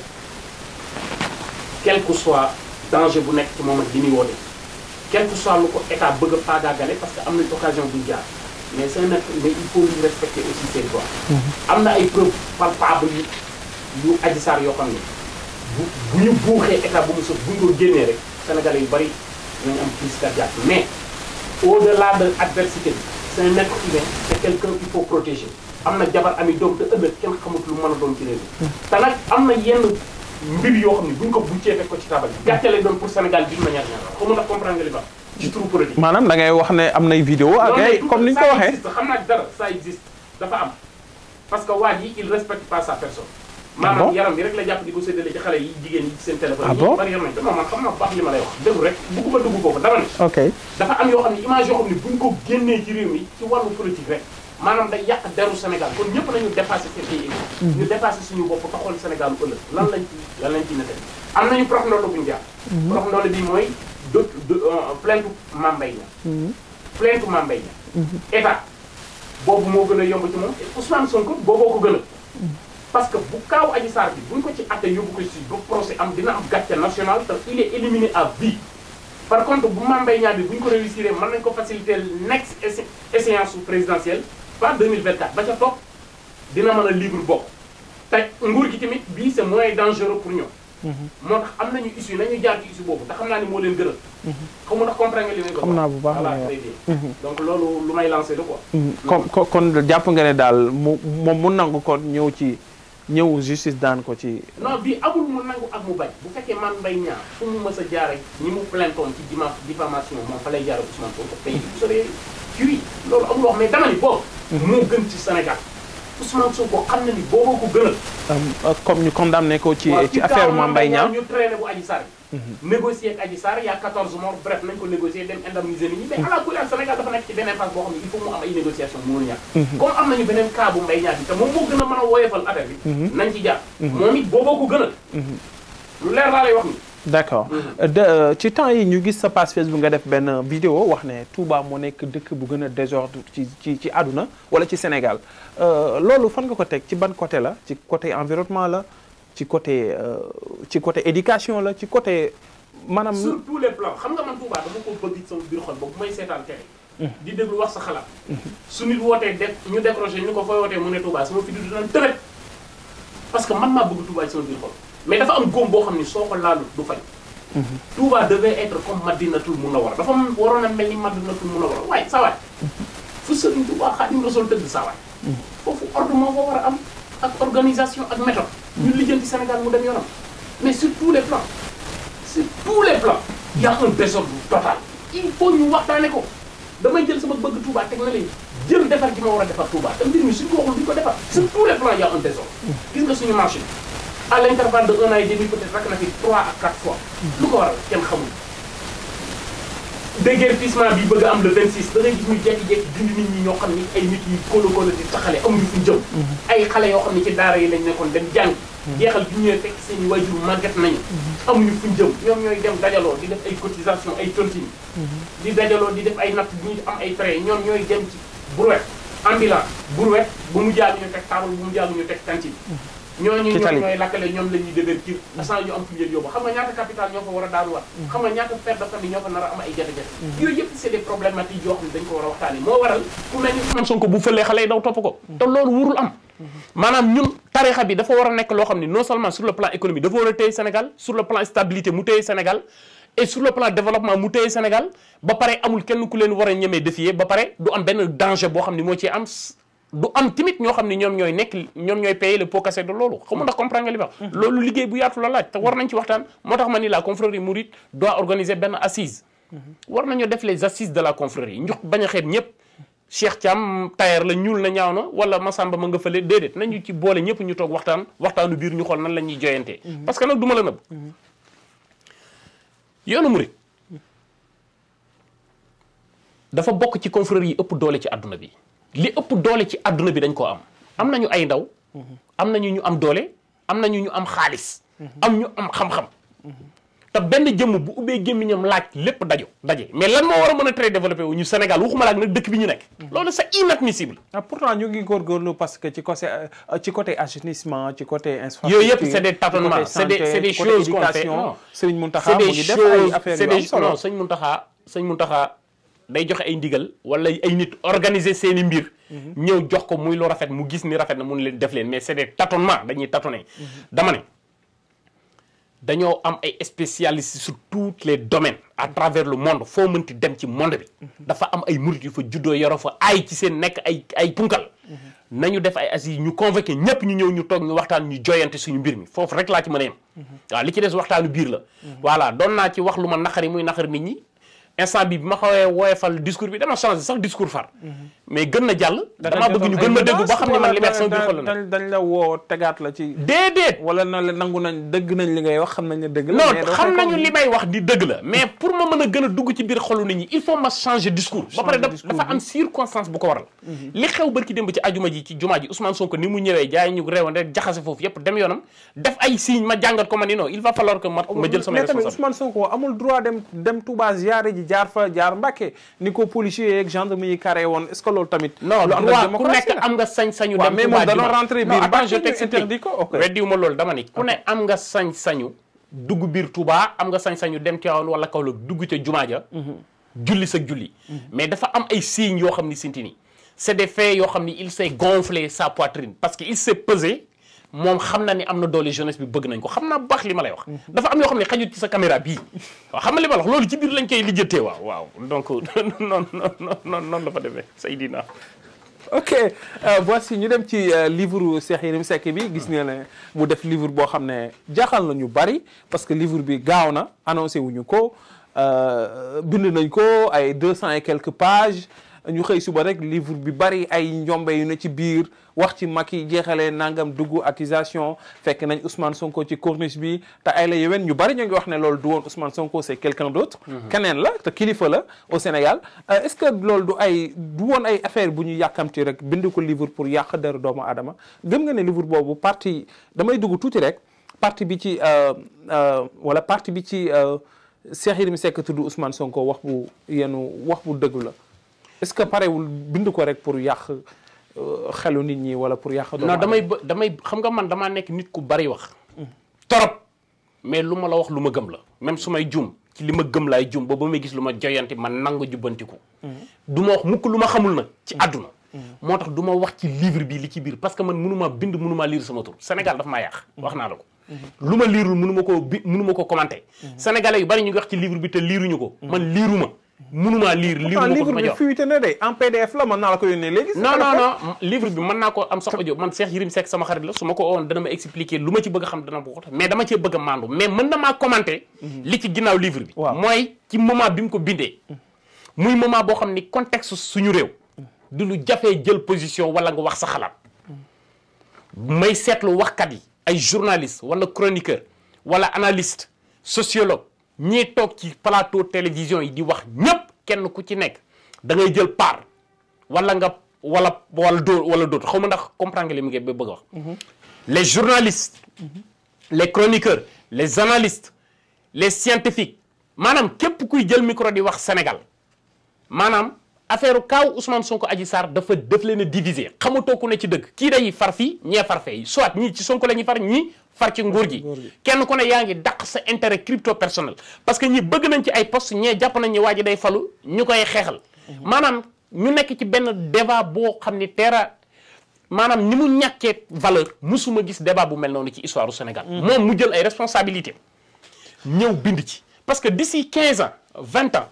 quel soit danger bu nekk ci moom ak li muy woote quel soit lu ko état bëgg faagaagale parce que am nañ occasion buñ jaar mais seen nag il faut ñu respecter aussi ses mm-hmm. am na ay pro palpables yu yu Adji Sarr yoo xam ne bu bu ñu buuxee état bu mu sëf bu ñu ko génnee rek sénégalais yu bari dinañ am crise cardiaque mais. au-delà de l'adversité bi c'est un être quelqu'un qu'il faut protéger am na jabar ami doom te ëllëg kenn xamut lu mën a doon ci réew te nag am na yenn mbir yoo xam ne buñ ko buccee fekk ko ci tabal bi gàcce doon pour Sénégal d'une manière générale xaw ma ndax comprendre li ba ci turu politique maanaam da ngay wax ne am nay vidéo a ah, ay comme ni ñu ko waxee xam naa dara ça existe dafa am parce que waa ji il respecte pas sa personne Ah maanaam yaram bi rek la jàpp di ko séddale ci xale yi jigéen yi seen téléphone. ah bon bari yaram nañ te moom man xam naa baax li ma lay wax. dégg rek bëgguma dugg foofu dama ne. ok dafa am yoo xam ne image yoo xam ne buñ ko génnee ci réew mi ci wàllu politique rek maanaam day yàq deru Sénégal kon ñëpp nañu dépassé seen pays yi. Mm-hmm. ñu dépassé suñu bopp te xool Sénégal ëllëg lan lañ ci lan lañ ci nete am nañu prof ndoolu bu ñu jaar. Mm-hmm. prof ndoolu bi mooy do euh, plainte Mame Mbaye Niang. plainte Mame Mbaye Niang. moo gën a yomb ci moom Ousmane Sonko booboo ko gën a mm-hmm. parce que bu kaaw Adji Sarr bi buñ ko ci atte yóbbu ko si ba procès am dina am gàcce national te il est éliminé à par contre bu Mame Mbaye Niang bi bu ko réussir mën nañ ko faciliter next échéance présidentielle pas 2024 ba ca topp dina mën a libre bokk te nguur gi tamit bii c'est moins dangereux pour ñoom mhm. moo tax am nañu issue nañu jaar ci issue boobu te xam naa ni moo leen gënal. ko mhm. ma ndax comprendre nga li may wax. xam naa bu baax la mhm. lu may lancé la quoi. kon kon jàpp nga ne daal mu moom mu nangu kon ñëw ci. ñëw justice daan ko ci. no bi amul mu nangu ak mu bañ bu fekkee man bay ñaar fu mu mës a jaar ak ñi mu plaintoon ci dima diffamation moom fa lay jaar ak Ousmane Sonko tey bu soree curie loolu amul wax mais dama ni boobu. Mhm. moo gën ci Sénégal Ousmane Sonko xam na ni booboo ko gënal. comme ñu condamné ko ci ci affaire Mame Mbaye Niang ñu traîné bu Adji Sarr. Mhm. négocier ak Adji Sarr y' a 14 morts bref nañ ko négocier dem indemniser nit ñi mais ala kulli Sénégal dafa nekk ci beneen phase boo xam ne il faut mu am ay négociation a ñàkk. Mhm. comme am nañu beneen cas moo gën a mën a woyofal affaire bi. Mhm. nañ ci jaar. moom it booboo ko gënal. lu leer laa lay wax nii. d' euh, ci temps yi ñu gis sa page Facebook nga def benn vidéo wax ne Touba moo nekk dëkk bu gën a désordre ci ci ci àdduna wala ci Sénégal euh, loolu fan nga ko teg ci ban côté la ci côté environnement la. ci côté euh, ci côté éducation la ci côté. maanaam sur tous les xam nga man Touba dama ko bëgg sama biir xol ba bu may seetaan wax sa xalaat. su nit wootee de ñu décroché ñu ko fooy wootee mu ne Touba sama parce que man maa bëgg Touba ci sama biir xol mais dafa am góom boo xam ni soo ko laalul du fay. Touba devait être comme Madinatul Munawwara dafa waroon a mel ni Madinatul Munawwara waaye saa waay. fu Sëriñ Touba Xaadimu Rasuul tëdd saa waay. foofu ordre moo ko war a am. ak organisation ak méthode. ñu lijjanti Sénégal mu dem yoonam. mais sur tous les plans sur tous les plans y a un désordre total. il faut ñu waxtaane ko damay jël sama bëgg Touba teg na léegi jël defar gi ma war a defar Touba te mbir mi suñ ko waxul duñ ko defar. sur tous les plans y a un désordre. gis nga suñu marché à l'intervalle de un an et demi peut-être rek na trois à quatre fois. lu ko waral kenn xamul. déguerpissement bi bëgg am le 26 da ngay gis ñu jékki dindi nit ñi ñoo xam ni ay nit yu kóola kóola di taxale amuñu fuñ jëm mhm. ay xale yoo xam ne ci daara yi lañ nekkoon dem jàng mhm. jeexal bi ñëwee fekk seen i waajur màggat nañu mhm. amuñu fuñ jëm ñoom ñooy dem dajaloo di def ay cotisation ay tontine di dajaloo di def ay natt bi ñu am ay frais ñoom ñooy dem ci brouette ambulance brouette bu mu jaaguñu teg table bu mu jaaguñu teg cantine ñooñu ñoom ñooy lakkale ñoom la ñuy dëgër ci ñu am fu ñu leen yóbbu xam nga ñaata capital a daanuwaat xam nga ñaata perte de a am mm-hmm. dañ ko war a waxtaane moo bu fëlee xale yi daw topp ko mm-hmm. te loolu wurul am mm-hmm. maanaam ñun tarixa bi dafa war a nekk loo xam ne non seulement sur le plan économique dafa war a téye Sénégal sur le plan stabilité mu téye Sénégal et sur le plan développement mu téye Sénégal ba pare amul kenn ku leen war a ñemee défier ba pare du am benn danger boo xam ne moo ci am du am timit ñoo xam ne ñoom ñooy nekk ñoom ñooy payer le pot cassé de loolu xamu ndax comprendre nga li mm-hmm. loolu liggéey bu yaatu la laaj te war nañ ci waxtaan moo tax ma ni la confrérie mouride doit organiser benn assise mm-hmm. war nañu def les assises de la confrérie ñu bañ a xeeb ñëpp Cheikh Thiam tailleur la ñuul na ñaaw na wala Massamba ma nga fële déedéet nañu ci boole ñëpp ñu toog waxtaan waxtaanu biir ñu xool nan la ñuy joyantee mm-hmm. parce que nag du la nëbb yoonu murit bokk ci confrérie yi ëpp doole ci àdduna bi li ëpp doole ci àdduna bi dañ koo am am nañu ay ndaw am nañu ñu am doole am nañu ñu am xaalis am ñu am xam-xam te benn jëmm bu ubbee gémmiñam laaj lépp dajo daje mais lan moo war a mën a très développé wu ñu Sénégal waxuma ak nag dëkk bi ñu nekk loolu c'est inadmissible ah, pourtant ñu ngi góorgóorlu parce que ci côté euh, ci côté assainissement ci côté infrastructure yooyu yëpp c'est des tâtonnements c'est des c'est des choses qu'on fait Serigne Mountakha mu ngi def ay affaires day joxe ay ndigal wala ay nit organiser seeni mbir. Mhm. ñëw jox ko muy lu rafet mu gis ni rafet na mun leen def leen mais c'est des tâtonnements dañuy tâtonner. Mhm. dama ne dañoo am ay spécialistes sur tout les domaines à mhm. travers le monde foo mënti dem ci monde bi. dafa am ay murit yu fa juddoo yoroo fa ay ci seen nekk ay ay punkal. nañu def ay as yi ñu convoqué ñëpp ñu ñëw ñu toog ñu waxtaan ñu joyante suñu mbir mi foofu rek laa ci mën a yem. waaw li ci des waxtaanu biir la. voilà doon naa ci wax lu ma naqari muy naqari nit ñi. instant bi bi ma xawee woyefal discours bi dama changé sax discours far mais gën na jàll. damaa bëgg ñu gën ma dégg ba xam ne man li may wax sama la dañ la woo tegaat la ci. déedéet na la nangu nañ dëgg la. non xam mais pour ma mën a gën a dugg ci biir xolu nit ñi il faut ma changer discours. ba pare dafa am circonstance bu ko waral. Mhm. li xew barki démb ci ajuma ji ci jumaa ji Ousmane Sonko ni mu ñëwee jaay ñu réewoon rek jaxase foofu yëpp dem yoonam def ay signe ma jàngat ko ma ni non il va falloir que ma oh, jël sama responsabilité. mais tamit ni ko policier yeeg gendarme yi carré woon loolu tamit. non droit ku nekk am nga sañ-sañu. dem mais moom dañoo rentré biir ba je t'explique ok weddiwuma loolu dama ni ku ne am nga sañ-sañu. dugg biir tubaa am nga sañ-sañu dem Tivaouane wala Kaolack dugg ca jumaa ja mhm. julli sa julli. Mhm. mais dafa am ay signes yoo xam ni sinti ni c'est des faits yoo xam ni il s'est gonflé sa poitrine parce que il s'est pesé. moom xam naa ni am na doole jeunesse bi bëgg nañ ko xam naa baax li lay wax. dafa am yoo xam ne xajut sa caméra bii xam nga li ma la wax loolu ci biir lañ koy lijjatee waaw waaw donc noonu noonu noonu la fa demee Seydina. ok euh, voici ñu dem ci euh, livre yi Yérim Seck bi gis nga ne mu def livre boo xam ne jaaxal na ñu bari parce que livre bi gaaw na annoncé wuñu ko euh, bind nañ ko ay deux cent et quelques pages. ñu xëy suba rek livre bi bari ay njombe yu ne ci biir wax ci Macky jeexalee nangam dugg accusation fekk nañ Ousmane Sonko ci corniche bi te ay la yeween ñu bari ñoo ngi wax ne loolu du woon Ousmane Sonko c'est quelqu'un d'autre mhm. keneen la te kilifa la au Sénégal euh, est-ce que loolu du ay du woon ay affaire bu ñu yàkkamti rek bind ko livre pour yàq dara doomu aadama gëm nga ne livre boobu parti damay dugg tuuti rek partie bi ci euh, euh, wala parti bi ci Cheikh Yérim Seck tudd usman Sonko wax bu yenu wax bu dëgg la est-ce que parewul bind ko rek pour yàq euh, xelu nit ñi wala pour yàq. non damay damay xam nga man damaa nekk nit ku bari wax. torop mais lu ma la wax lu ma gëm la même su may ci li ma gëm laay juum ba may gis lu ma joyanti man nangu jubbantiku. Mm-hmm. du ma wax mukk lu ma xamul na ci mm-hmm. àdduna. Mm-hmm. moo tax du ma wax ci livre bi li ci biir parce que man mënumaa bind munuma liir sama tur Sénégal daf ma yàq. wax naa la ko. lu ma liirul mënu ma koo bi mënu ko commenter. sénégalais yu bari ñu ngi wax ci livre bi te liiruñu ko. man liiruma. mënumaa lire livre livre bi fuité na de en PDF la man naa la ko yónnee léegi. non non non livre bi mën naa ko am sax audio man Cheikh Yirim seek sama xarit la su ma ko woon dana ma expliquer lu ma ci bëgg a xam dana ma ko mais dama cee bëgg a maandu mais mën mhm. li ci ginnaaw livre bi. mooy ci moment bi mu ko bindee. Mhm. muy moment boo xam ni contexte suñu réew. Mhm. du lu jël position wala nga wax sa xalaat. may seetlu waxkat yi ay journaliste wala chroniqueur wala analyste sociologue. ñii toog ci plateau télévision yi di wax ñépp kenn ku ci nekk da ngay jël part wala nga wala wala dóor wala dóor xaw ma ndax comprendre nga li mu ngi bëgg a wax mhm. les journalistes mhm. les chroniqueurs les analystes les scientifiques maanaam képp kuy jël micro di wax Sénégal maanaam affaire kaaw Ousmane Sonko Adji Sarr dafa def leen a diviser xamatoo ku ne ci dëkk kii day far fii ñee far fee soit ñii ci Sonko lañuy ñuy far ñii far ci nguur gi kenn ku ne yaa ngi dàq sa intérêt crypto personnel parce que ñi bëgg nañ ci ay poste ñee jàpp nañ ñi waa ji day falu ñu koy xeexal mhm. maanaam ñu nekk ci benn débat boo xam ni teera maanaam ni mu ñàkkee valeur musuma gis débat bu mel noonu ci histoire du Sénégal mhm. moom mu jël ay responsabilité ñëw bind ci parce que d'ici quinze ans vingt ans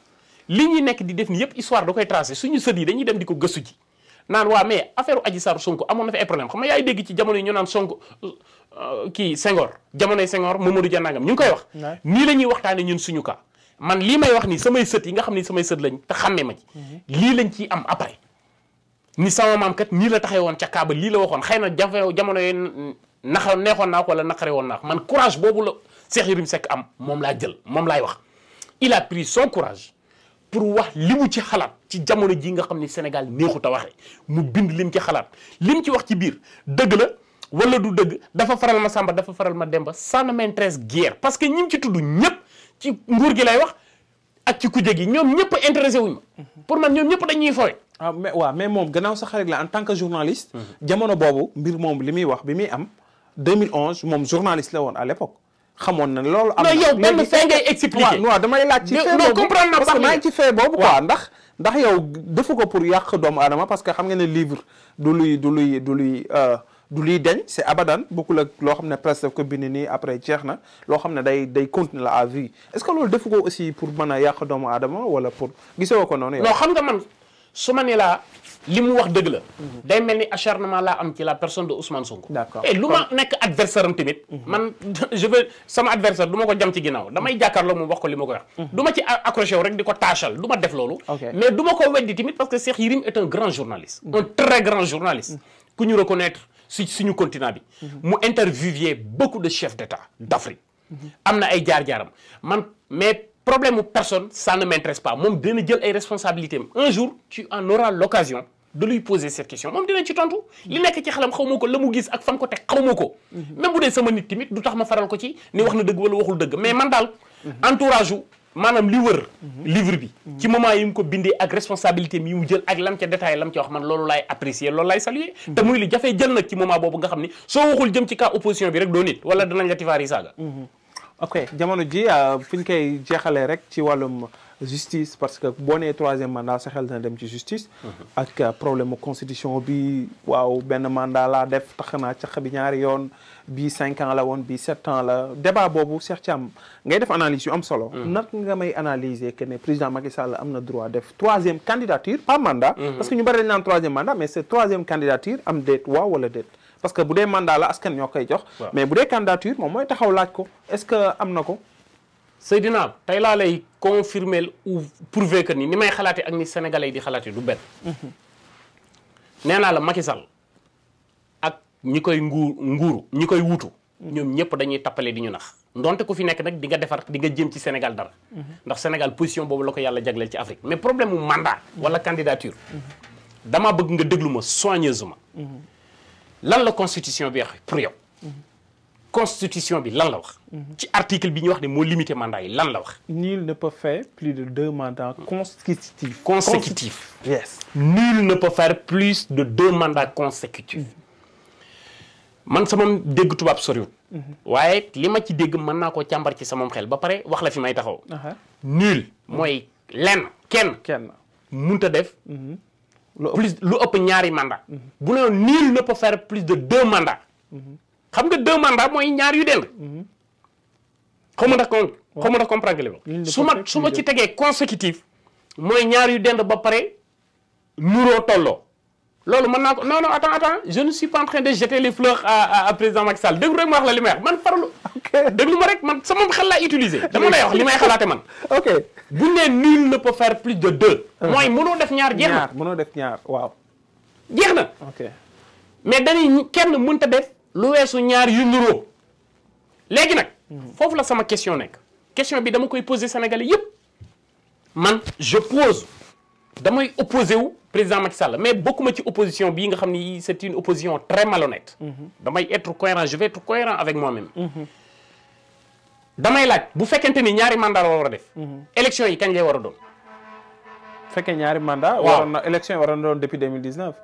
li ñuy nekk di def ni yépp histoire da koy tracé suñu sët yi dañuy dem di ko gëstu ji naan waa mais affaire Adji Sarr Sonko amoon na fi ay problème xam nga yaay dégg ci jamono yi ñu naan Sonko euh, kii Senghor jamonoy Senghor Mamadou Dia nangam ñu ngi koy wax nii la ñuy waxtaane ñun suñu ka man lii may wax nii samay sët yi nga xam ni samay sët lañ te xàmmee ma ci mhm. lii lañ ci am après ni sama maam kat nii la taxee woon ca kaaba lii la waxoon xëy na jafe jamono yi naxa neexoon naa ko wala naqare woon naa ko man courage boobu la Cheikh Yérim sekk am moom laa jël moom laay wax il a pris son pour wax li mu ci xalaat ci jamono ji nga xam ni Sénégal neexut a waxee mu bind lim ci xalaat lim ci wax ci biir dëgg la wala du dëgg dafa faral ma Samba dafa faral ma Demba ça ne m'intéresse guère parce que ñi ci tudd ñëpp ci nguur gi lay wax ak ci kuje gi ñoom ñëpp intéressé wuñ ma pour man ñoom ñëpp dañuy fooy. ah mais waaw mais moom gannaaw sa xarit la en tant que journaliste. Mmh. jamono boobu mbir moom li muy wax bi muy am 2011 moom journaliste la woon à l'époque xamoon na loolu. am na yow benn fee ngay expliquer waaw damay laaj ci fee boobu na parce ndax. ndax yow defu pour yàq doomu aadama parce que xam nga ne livre du luy du luy du luy euh, du luy deñ c'est abadan bokkul ak loo xam ne presse daf ko bind nii après ceex na loo xam ne day day continuer la à vie est que loolu defu ko aussi pour mën a yàq doomu aadama wala pour gisoo ko noonu yow. non xam nga man su ma ne li mu wax dëgg la. day mel ni acharnement laa am ci la personne de Ousmane Sonko. d'accord et lu ma nekk adversaire am tamit. Mhm. man je veux sama adversaire du ma ko jam ci ginnaaw damay jàkkaarloo mu wax ko li ma ko wax. Mhm. du ma ci accroché wu rek di ko taachal du ma def loolu. mais du ma ko weddi tamit parce que Cheikh Yérim est un grand journaliste. Mhm. un très grand journaliste. ku ñu reconnaître si suñu continent bi. mu interviewé beaucoup de chefs d'État d'Afrique. am na ay jaar-jaaram man mais. problème mu personne ça ne m'intéresse pas moom dina jël ay responsabilités un jour tu en auras l'occasion de lui poser cette question moom dina ci tontu li nekk ci xelam xaw ma ko la mu gis ak fam ko teg xaw ma ko même bu dee sama nit tamit du tax ma faral ko ci ni wax na dëgg wala waxul dëgg mais man daal entourage u maanaam li wër livre bi ci moment yi mu ko bindee ak responsabilité mi yi mu jël ak lam ca détail lam ca wax man loolu laay apprécier loolu laay saluer te muy li jafee jël nag ci moment boobu nga xam ni soo waxul jëm ci cas opposition bi ok jamono ji euh, fi ñu koy jeexalee rek ci wàllum justice parce que boo nee troisième mandat sa xel dina dem ci justice. Mhm. ak euh, problème mu constitution bi waaw benn manda laa def tax naa cax bi ñaari yoon bii cinq ans la woon bi sept ans la débat boobu Cheikh Thiam ngay def analyse yu am solo. Mhm. naka nga may analyser que ne président Macky Sall am na droit def troisième candidature pas mandat. Mhm. parce que ñu bari dañ naan troisième mandat mais c'est troisième candidature am déet wala parce que bu dee mandat la askan ñoo koy jox. mais bu dee candidature moom mooy taxaw laaj ko est-ce que am na ko. Seydina tey laa lay confirmer ou prouver que ni ni may xalaatee ak ni sénégalais yi di xalaatee lu benn. Mhm. nee naa la Macky Sall ak ñi koy nguur nguuru ñi koy wuutu. ñoom ñëpp dañuy tappale di ñu nax. ndonte ku fi nekk nag di nga defar di nga jëm ci Sénégal dara. Mhm. ndax Sénégal position boobu la ko yàlla jagleel ci Afrique mais problème mu mandat. Mhm. wala candidature. dama bëgg nga déglu ma soigneusement. lan la constitution bi wax pour yow. constitution bi lan la wax. ci article bi ñu wax ne moo limité mandat yi lan la wax. nul ne peut faire plus de deux mandats consécutifs. consécutifs yes. plus de deux mandats consécutifs. man sama dégg tubaab soriwul. waaye li ma ci dégg mën naa koo càmbar ci sama xel ba pare wax la fi may taxaw. nul mooy lenn kenn. kenn mënut a def. Mhm. plus lu ëpp ñaari mandat bu la nul ne peut faire plus de deux mandats xam nga deux manda mooy ñaar yu dend xaw ma ndax xaw ma ndax comprendre nga su ma su ma ci tegee consécutif mooy ñaar yu dend ba pare nuroo tolloo loolu mën naa ko non non attends attends je ne suis pas en train de jeter les fleurs à à président Macky Sall déglu rek ma wax la li may man farlu. ok ma rek man sama xel laa utiliser. dama lay wax li may xalaate man. ok bu ne nul ne peut faire plus de deux. Ah. mooy mënoo def ñaar jeex na ñaar def ñaar waaw. jeex na. mais dañuy kenn mënta def. lu weesu ñaar yu nuroo. léegi nag. Mhm. foofu la sama question nekk. question bi dama koy poser Sénégalais yëpp. man je pose damay opposé wu. président Macky Sall mais bokkuma ci opposition bi nga xam ni c' est une opposition très malhonnête. damay être cohérent je vais être cohérent avec moi-même. damay laaj bu fekkente ni ñaari mandat la war a def. élection yi kañ lay war a doon. bu fekkee ñaari mandat waroon na élection yi waroon na doon depuis 2019.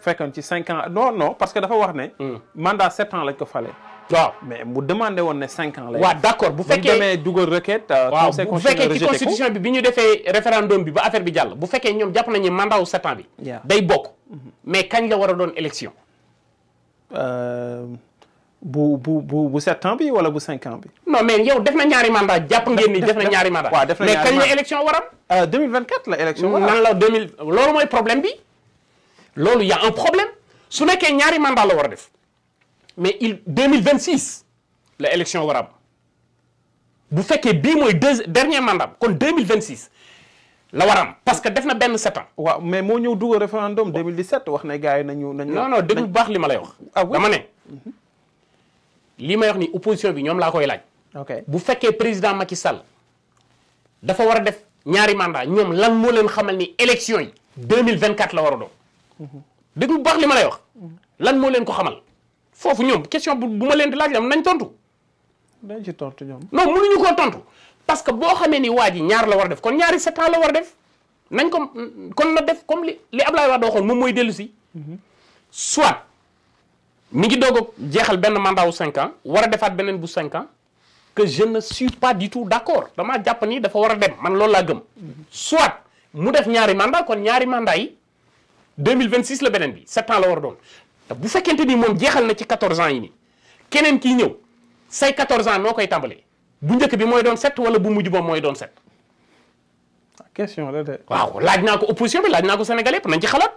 fekkoon ci cinq ans non parce que dafa wax ne. Hmm. mandat sept ans lañ ko fale. waaw mais bu demandé woon ne cinq ans. accord bu fekkee bu demee dugal requête. Euh, bu fekkee ci constitution bi bi ñu defee référendum bi ba affaire bi jàll. bu fekkee ñoom jàpp nañu mandat wu sept ans bi. day bokk. mais kañ la war a doon élection. Euh, bu bu bu bu bi wala bu cinq ans bi. non mais yow def na ñaari mandat jàpp ngeen ni def na ñaari mandat waaw def na ñaari mandat mais kañ la élection war a. 2024 la élection war a. nan la 2000 loolu mooy problème bi. loolu y' a un problème su nekkee ñaari mandat la war a def. mais il 2026 vingt élection war a am bu fekkee bii mooy deux dernier mandat kon 2026 vingt war a am parce que def na benn sept ans. waaw mais moo ñëw dugal référendum 2017 wax na gars yi nañu nañu. non non déglu bu baax li ma lay wax. ah oui dama ne mhm. li may wax ni opposition bi ñoom laa koy laaj. ok bu fekkee président Macky Sall dafa war a def ñaari mandat ñoom lan moo leen xamal ni élection yi 2024 la war a doon. Mhm. déglu bu baax li ma wax mhm. lan moo leen ko xamal. foofu ñoom question bu ma leen di laaj la nañ tontu. dañ ci tontu ñoom. non mënuñu koo tontu parce que boo xamee ni waa ji ñaar la war def kon ñaari sept la war a def nañ ko kon na def comme li li Ablaye Wade waxoon moom mooy dellu si. Mhm. soit mi ngi doog a jeexal benn mandat wu cinq ans war a defaat beneen bu cinq ans. que je ne suis pas du tout d'accord damaa jàpp ni dafa war dem man loolu laa gëm mhm. soit mu def ñaari mandat kon ñaari mandat yi 2026 la beneen bi sept ans la war a doon te bu fekkente ni moom jeexal na ci 14 ans yi nii keneen kiy ñëw say 14 ans noo koy tàmbalee bu njëkk bi mooy doon set wala bu mujj ba mooy doon set. Ah, question la de. waaw laaj naa ko opposition bi laaj naa ko Sénégal yëpp nañ ci xalaat.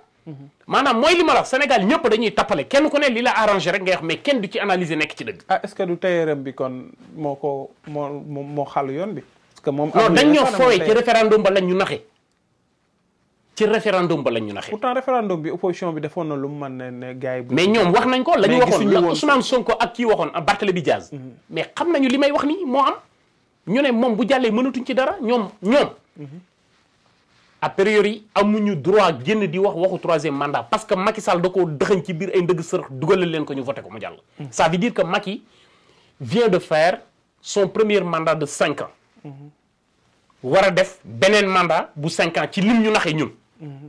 maanaam mooy li ma la Sénégal ñëpp dañuy tappale kenn ku ne li la arrangé rek ngay wax mais kenn du ci analyser nekk ci dëgg. ah est que du tayeeram bi kon moo ko moo moo xàll yoon bi. parce que moom. am dañ ñoo foowee ci référendum ba lañ ñu naxee. ci référendum ba la ñu naxe pourtant référendum bi opposition bi defoon na lu mu man ne gars yi mais ñoom wax nañ ko la ñu waxoon la Ousmane Sonko ak kii waxoon Barthélémy Diaz mm-hmm. mais xam nañu li may wax ni moo am ñu ne moom bu jàllee mënatuñ ci dara ñoom ñoom mm-hmm. a priori amuñu droit génn di wax waxu troisième mandat parce que Macky Sall da koo dëxañ ci biir ay ndëgg sërëx dugalee leen ko ñu voté ko mu jàll sa mm-hmm. veut dire que Macky vient de faire son premier mandat de cinq war a def beneen mandat bu cinq ci lim ñu naxee ñun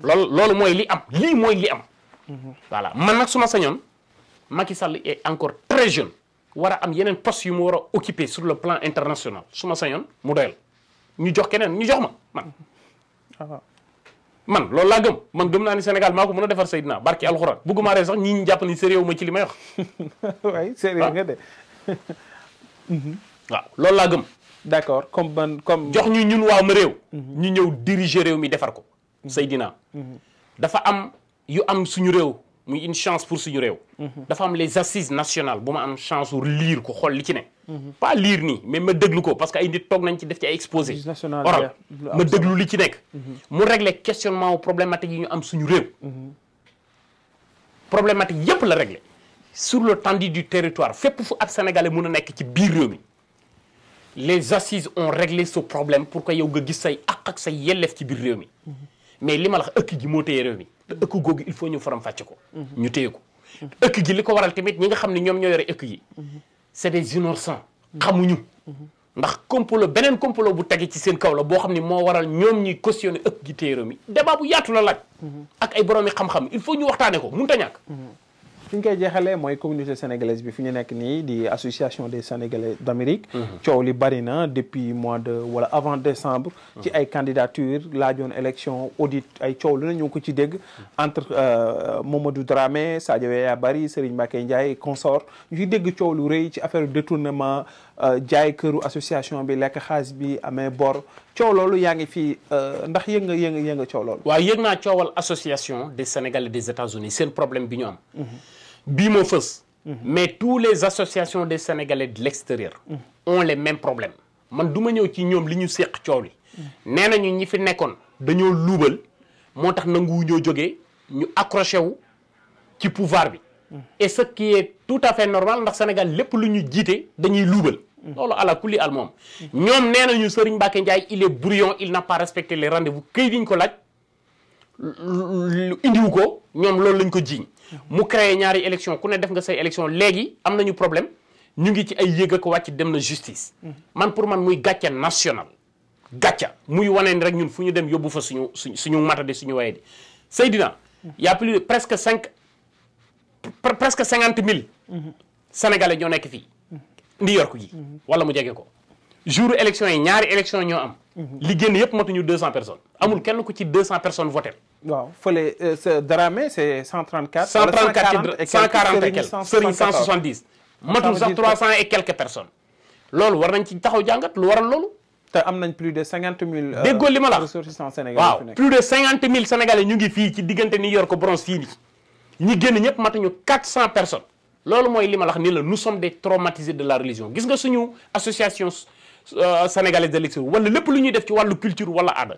loolu loolu mooy li am lii mooy li am. voilà man nag suma sañoon makki Sall est encore très jeune war a am yeneen poste yu mu war a occuper sur le plan international suma sañoon mu doyal ñu jox keneen ñu jox ma ah. man. loolu laa gëm man gëm naa ni Sénégal maa ko mën a defar Seydina barki alxuraan bugguma ree sax ñi ñu jàpp ni sérieux ma ci li ma wax. waay sérieux nga waaw loolu laa gëm. d'accord comme man comme. jox ñu ñun waaw ma réew. Mhm. ñu ñëw diriger réew mi defar ko. Mm-hmm. Seydina mm-hmm. dafa am yu am suñu réew muy une chance pour suñu réew mm-hmm. dafa am les assises nationales bu ma am chance wu lire ko xool li ci ne pas liir nii mais ma déglu ko parce que ay nit toog nañ ci def ci ay exposé oral ma déglu li ci nekk mu régler questionnement wu problématique yi ñu am suñu réew problématique yépp la régler sur le l'étendue du territoire fépp fu ab sénégalais mun a nekk ci biir réew mi les assises ont réglé ce problème pour que yow nga gis say àq ak say yelleef ci biir réew mi mais li ma la ëkk gi moo téye réew mi te ëkk googu il faut ñu faram fàcce ko ñu téye ko ëkk gi li ko waral tamit ñi nga xam ne ñoom ñoo yore ëkk yi c'est des innocents xamuñu ndax complot beneen complot bu tege ci seen kaw la boo xam ne moo waral ñoom ñi cautionné ëkk gi téye réew mi débat bu yaatu la laaj ak ay boroomi xam-xam il faut ñu waxtaane ko munta ñàkk fi ñu koy jeexalee mooy communauté sénégalaise bi fi ñu nekk nii di association des sénégalais d' Amérique. Mhm. coow li bari na depuis mois de wala avant décembre. ci mhm. ay candidature laajoon élection audit ay coow lu ne ñu ngi ko ci dégg. entre euh, du Dramé Sadio Yaya Bari Serigne Mbacke Ndiaye consort ñu ci dégg coow lu rëy ci affaire détournement euh, jaay këru association bi lekk xaalis bi amee bor coow loolu yaa ngi fi euh, ndax yëg nga yëg nga yëg nga coow loolu. waaw yëg naa coowal association des sénégalais des États-Unis seen problème bi ñu am. Mhm. bii moo fës. Mhm. mais tous les associations des sénégalais de l'extérieur mhm. ont les mêmes problèmes man du ma ñëw ci ñoom li ñu séq coow li mhm. nee nañu ñi fi nekkoon dañoo luubal moo tax nanguwu ñoo jógee ñu accroché wu ci pouvoir bi et ce qui tout à fait normal ndax Sénégal lépp lu ñu jiite dañuy luubal loolu ala kulli al moom ñoom nee nañu Serigne Mbacké Ndiaye il est brouillon il n'a pas respecté les rendez-vous këy diñ ko laaj indiwu ko ñoom loolu lañ ko jiiñ mu créé ñaari élection ku ne def nga say élection léegi am nañu problème ñu ngi ci ay yëg ak wàcc dem na justice man pour man muy gàcce national gàcca muy wanee ni rek ñun fu ñu dem yóbbu fa suñu suñ suñu matadi suñu waye di Seydina y a plus presque cinq presque cinquante mille mhm. sénégalais ñoo nekk fii ndi yorku gi mhm. wala mu jege ko jour élection yi ñaari élection ñoo am. Mhm. li génn yëpp matuñu deux cent personnes. amul kenn ku ci deux cent personnes voté. waaw fële sa euh, Dramé c' est cent trente quatre. cent trente quatre cent quarante et quelques Serigne cent soixante dix. matul sax trois cent et quelques personnes. loolu war nañ ci taxaw jàngat lu waral loolu. te am nañ plus de cinquante mille. Euh, déggoo li ma la waaw plus de cinquante mille sénégalais ñu ngi fii ci diggante New York Bronx fii nii. ñi génn ñëpp matuñu quatre cent personnes. loolu mooy li ma la wax ni la nous sommes des traumatisés de la religion gis nga suñu association. Euh, sénégalaise de l'extérieur wala lépp lu ñuy def ci wàllu culture wala aada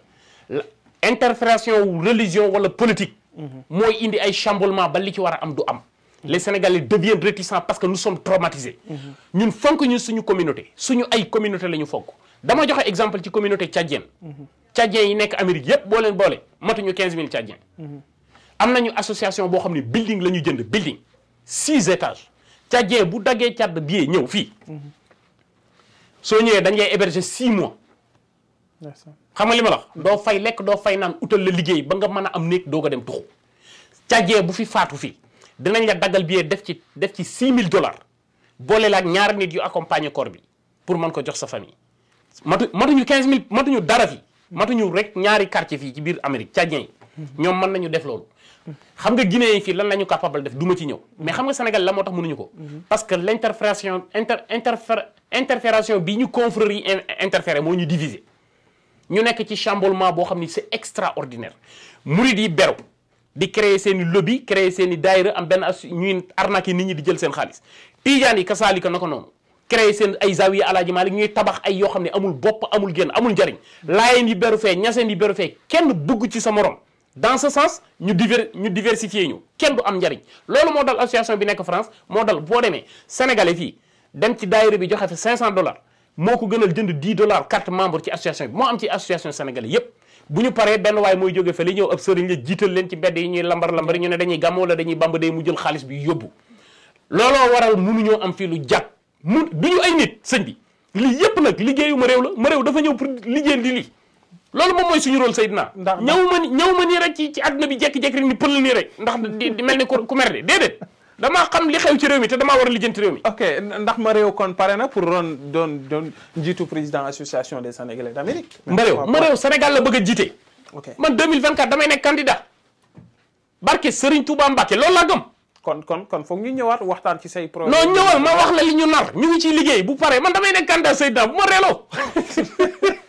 interfération religion wala politique mhm. mooy indi ay chamboulement ba li ci war a am du am mhm. les sénégalais deviennent réticents parce que nous sommes traumatisés mhm. ñun fonk ñu suñu communauté suñu ay communauté la ñu fonk dama joxe exemple ci communauté tchadienne tchadiens yi nekk Amérique yépp boo leen boole matuñu quinze mille tchadiens am nañu association boo xam ne building la ñu jënd building six étages tchadien bu daggee Tchad bii ñëw fii soo ñëwee dañ lay héberger six mois. xam nga li ma la doo fay lekk doo fay naan utal la liggéey ba nga mën a am néeg doo ko dem tuxu càjjee bu fi faatu fii dinañ la daggal billet def ci def ci six mille dollars boole la ak ñaari nit yu accompagner corps bi pour mën ko jox sa famille. matu matuñu quinze mille matuñu dara fii matuñu rek ñaari quartier fii ci biir Amérique càjjee yi ñoom mën nañu def loolu. xam nga Guinée fii lan la ñu capable def du ma ci ñëw. mais xam nga Sénégal la tax mënuñu ko. Mm-hmm. parce que interfération bi ñu confrérie yi interféré moo ñu divisé ñu nekk ci chamboulement boo xam ni c'est extraordinaire murid yi beru di créer seen i lobby créer seen i am benn as ñuy arnaqué nit ñi di jël seen xaalis tijaan yi kasaalika naka noonu créer seen ay zawiya alaaji maalik ñuy tabax ay yoo xam ne amul bopp amul génn amul njariñ laayeen yi beru fee ñaseen yi beru fee kenn bugg ci sa morom dans ce sens ñu diver ñu diversifier ñu kenn du am njariñ loolu moo dal association bi nekk France moo dal boo demee sénégalais fii dem ci daayira bi joxe fa moo ko gënal jënd 10 dollars membre ci association bi moo am ci association sénégalais benn waaye mooy jóge fa li ñëw ci mbedd yi ñuy lambar lambar ñu ne dañuy gàmmoo la dañuy bamba am fii lu jàpp mun du ñu ay nit sëñ bi lii yépp nag liggéeyu ma réew la ma réew dafa ñëw pour liggéey li lii loolu moom mooy suñu rôle Seydina ñëw ma ñëw ma nii rek ci ci àdduna bi jekki-jekki rek ni pël nii rek ndax di mel ni ku mer de déedéet damaa xam li xew ci réew mi te damaa war a lijjanti réew mi. ok ndax ma réew kon pare na pour doon doon doon njiitu président association des sénégalais d' Amérique. ma réew ma réew Sénégal la bëgg a jiite. ok man 2024 damay nekk candidat barke Serigne Touba Mbacke loolu laa kon kon kon foog ñu ñëwaat waxtaan ci say. projet non ñëwal ma wax la li ñu nar ñu ngi ciy liggéey bu pare man damay nekk candidat Seydina bu ma reeloo.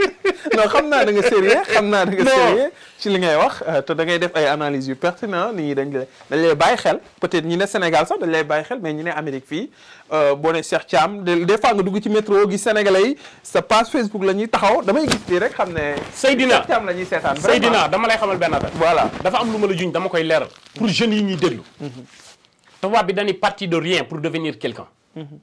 non xam naa da nga sérieux xam naa da nga sérieux ci li ngay wax euh, te da ngay def ay analyses yu pertinent nit ñi dañ lay dañ lay bàyyi xel peut-être ñi ne Sénégal sax dañ lay bàyyi xel mais ñi ne Amérique fii euh, boo ne Cheikh Thiam de fois nga dugg ci métro gi Sénégalais yi sa page Facebook la ñuy taxaw damay gis fii rek xam ne Seydina Cheikh Thiam la ñuy seetaan Seydina dama lay xamal benn affaire voilà dafa am lu ma la juñ dama koy leeral pour jeunes yi ñuy déglu mm-hmm. tubaab bi dañuy partir de rien pour devenir quelqu'un mm-hmm.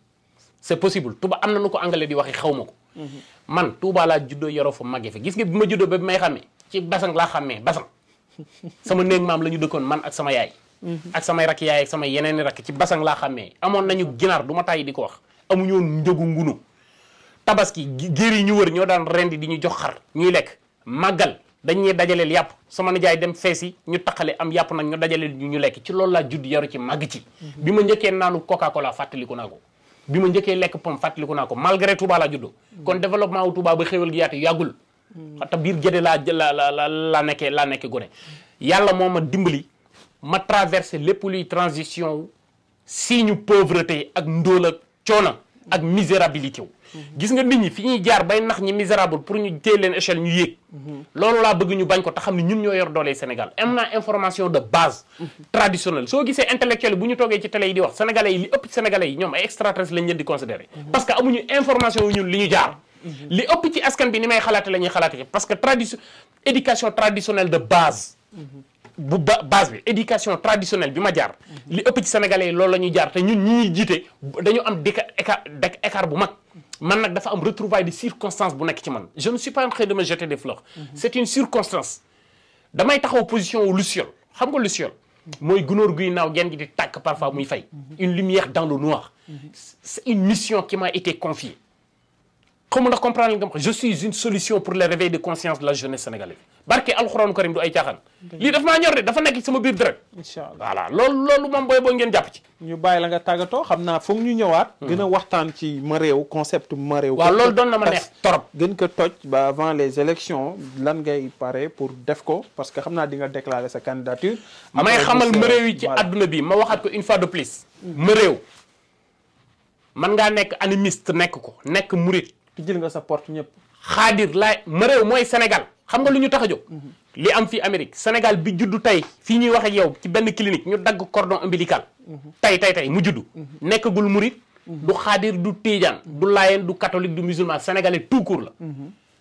c'est possible tubaab am na nu ko anglais di waxee xaw ma ko mm-hmm. man Touba laa juddoo yoroo fa màggee fa gis nga bi ma juddoo ba bi may xamee ci basang laa xamee basang sama néeg maam la ñu dëkkoon man ak sama yaay. Mhm. ak sama rakk yaay ak samay yeneen i rakk ci basang laa xamee amoon nañu ginaar du ma tàyyi di ko wax amuñu woon njëgu ngunu tabaski géer yi ñu wër ñoo daan rendi di ñu jox xar ñuy lekk màggal dañuy dajaleel yàpp sama nijaay dem fees yi ñu taqale am yàpp nag ñu dajaleel ñu ñu lekk ci loolu laa judd yaru ci màgg ci mhm. bi ma njëkkee naanu coca cola fàttaliku naa ko bi ma njëkkee lekk pom fàttaliku naa ko malgré Touba laa juddoo. kon développement wu Touba ba xéwal gi yaatu yàggul. Hmm. te biir Gédé laa la la la laa nekkee laa nekkee gone. yàlla moo ma dimbali ma traversé lépp luy transition wu si ñu pauvreté ak ndóol ak coono ak misérabilité wu. gis nga nit ñi fi ñuy jaar bay nax ñi misérable pour ñu téye leen échelle ñu yéeg loolu laa bëgg ñu bañ ko te xam ne ñun ñoo yor doole Sénégal am na information de base traditionnelle soo gisee intellectuel bu ñu toogee ci télé yi di wax sénégalais yi li ëpp sénégalais yi que amuñu information yu ñun li ñu jaar li ëpp bi ba base bi éducation bi ma jaar li ëpp ci sénégalais yi loolu la ñuy jaar te ñun ñi ñuy jiite dañu am déca écart bu mag man nag dafa am retrouvaille de circonstance bu nekk ci man je ne suis pas en train de me jeter des fleurs mhm. c'est une circonstance damay taxaw position wu luciole xam nga luciole mhm. mooy gunóor guy naaw genn gi di tàkk parfois muy fay mhm. une lumière dans le noir c'est une mission qui m'a été confiée xaw ma ndax comprendre nga ma je suis une solution pour le réveil de conscience de la jeunesse maa ñor de dafa nekk sama biir dërët. incha allah voilà loolu loolu moom booy ñu bàyyi la nga xam naa foog ñu ñëwaat. Hmm. gën a waxtaan ci ma réew ma réew. waaw loolu doon na ma neex ko toj ba avant les élections lan ngay pare pour def ko parce que xam naa di nga déclarer sa candidature. may xamal ma réew yi ci àdduna bi ma waxaat ko une fois de plus. Hmm. ma réew man ngaa nekk animiste nekk ko nekk murit te jël nga sa port ñëpp. xaadir laay ma réew mooy Sénégal xam nga lu ñu tax a jóg. Mhm. li am fii Amérique Sénégal bi juddu tey fii ñuy wax ak yow ci benn clinique ñu dagg cordon ombilical. Mhm. tey tey tey mu juddu. Mhm. nekkagul murit du xaadir du tiijaan du laayeen du catholique du musulman sénégalais tout court la.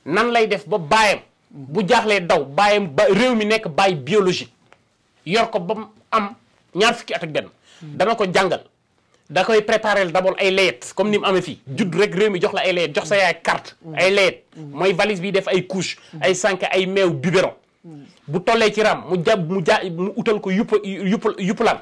nan lay def ba baayam. bu jaaxlee daw baayam ba réew mi nekk baay biologique. yor ko ba am ñaar fukki at ak benn. dana ko jàngal. da koy préparer d' abord ay layet comme ni mu amee fii judd rek réew mi jox la ay layet jox sa yaay carte ay layet mooy valise bi def ay couche ay sànq ay meew biberon bu tollee ci ram mu jàpp mu ja mu utal ko yupp yupp yuppalaan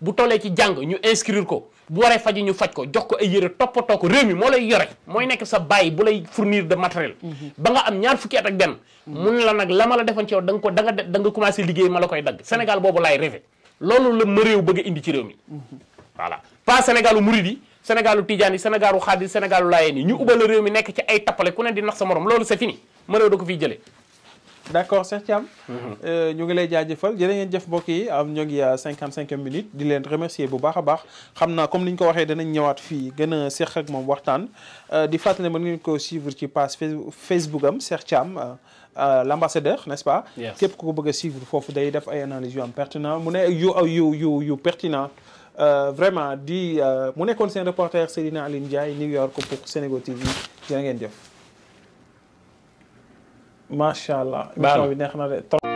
bu tollee ci jàng ñu inscrire ko bu waree faji ñu faj ko jox ko ay yére toppatoo ko réew mi moo lay yore mooy nekk sa baay bu lay fournir de matériel ba nga am ñaar fukki at ak benn mun la nag la ma la defoon ci yow da nga ko da nga da nga commencé liggéey ma koy dagg Sénégal boobu laay rêvé loolu la ma réew bëgg indi ci réew mi voilà pas sénégalu murid yi sénégalu tijaan yi sénégalu xaadir sénégalu laayeen yi ñu ubal réew mi nekk ci ay tappale ku ne di nax sa morom loolu c'est fini mënoo da ko fiy jëlee d' accord Cheikh Thiam mhm. euh, ñu ngi lay jaajëfal jërë ngeen jëf mbokk yi am ñoo ngi cinquante cinq minutes di leen remercier bu baax a baax xam naa comme ni ñu ko waxee danañ ñëwaat fii gën a seq ak moom waxtaan euh, di fàttali mën ngeen ko suivre ci page Facebook am Cheikh Thiam euh, l' ambassadeur n' est ce pas képp ku ko bëgg a suivre foofu day def ay analyses yu am pertinent mu ne yu yu yu yu Euh, vraiment di euh, mu nekkoon seen reporter Seydina Aline Ndiaye New York pour Sénégo TV jërë ngeen jëf macha allah émission bi neex na de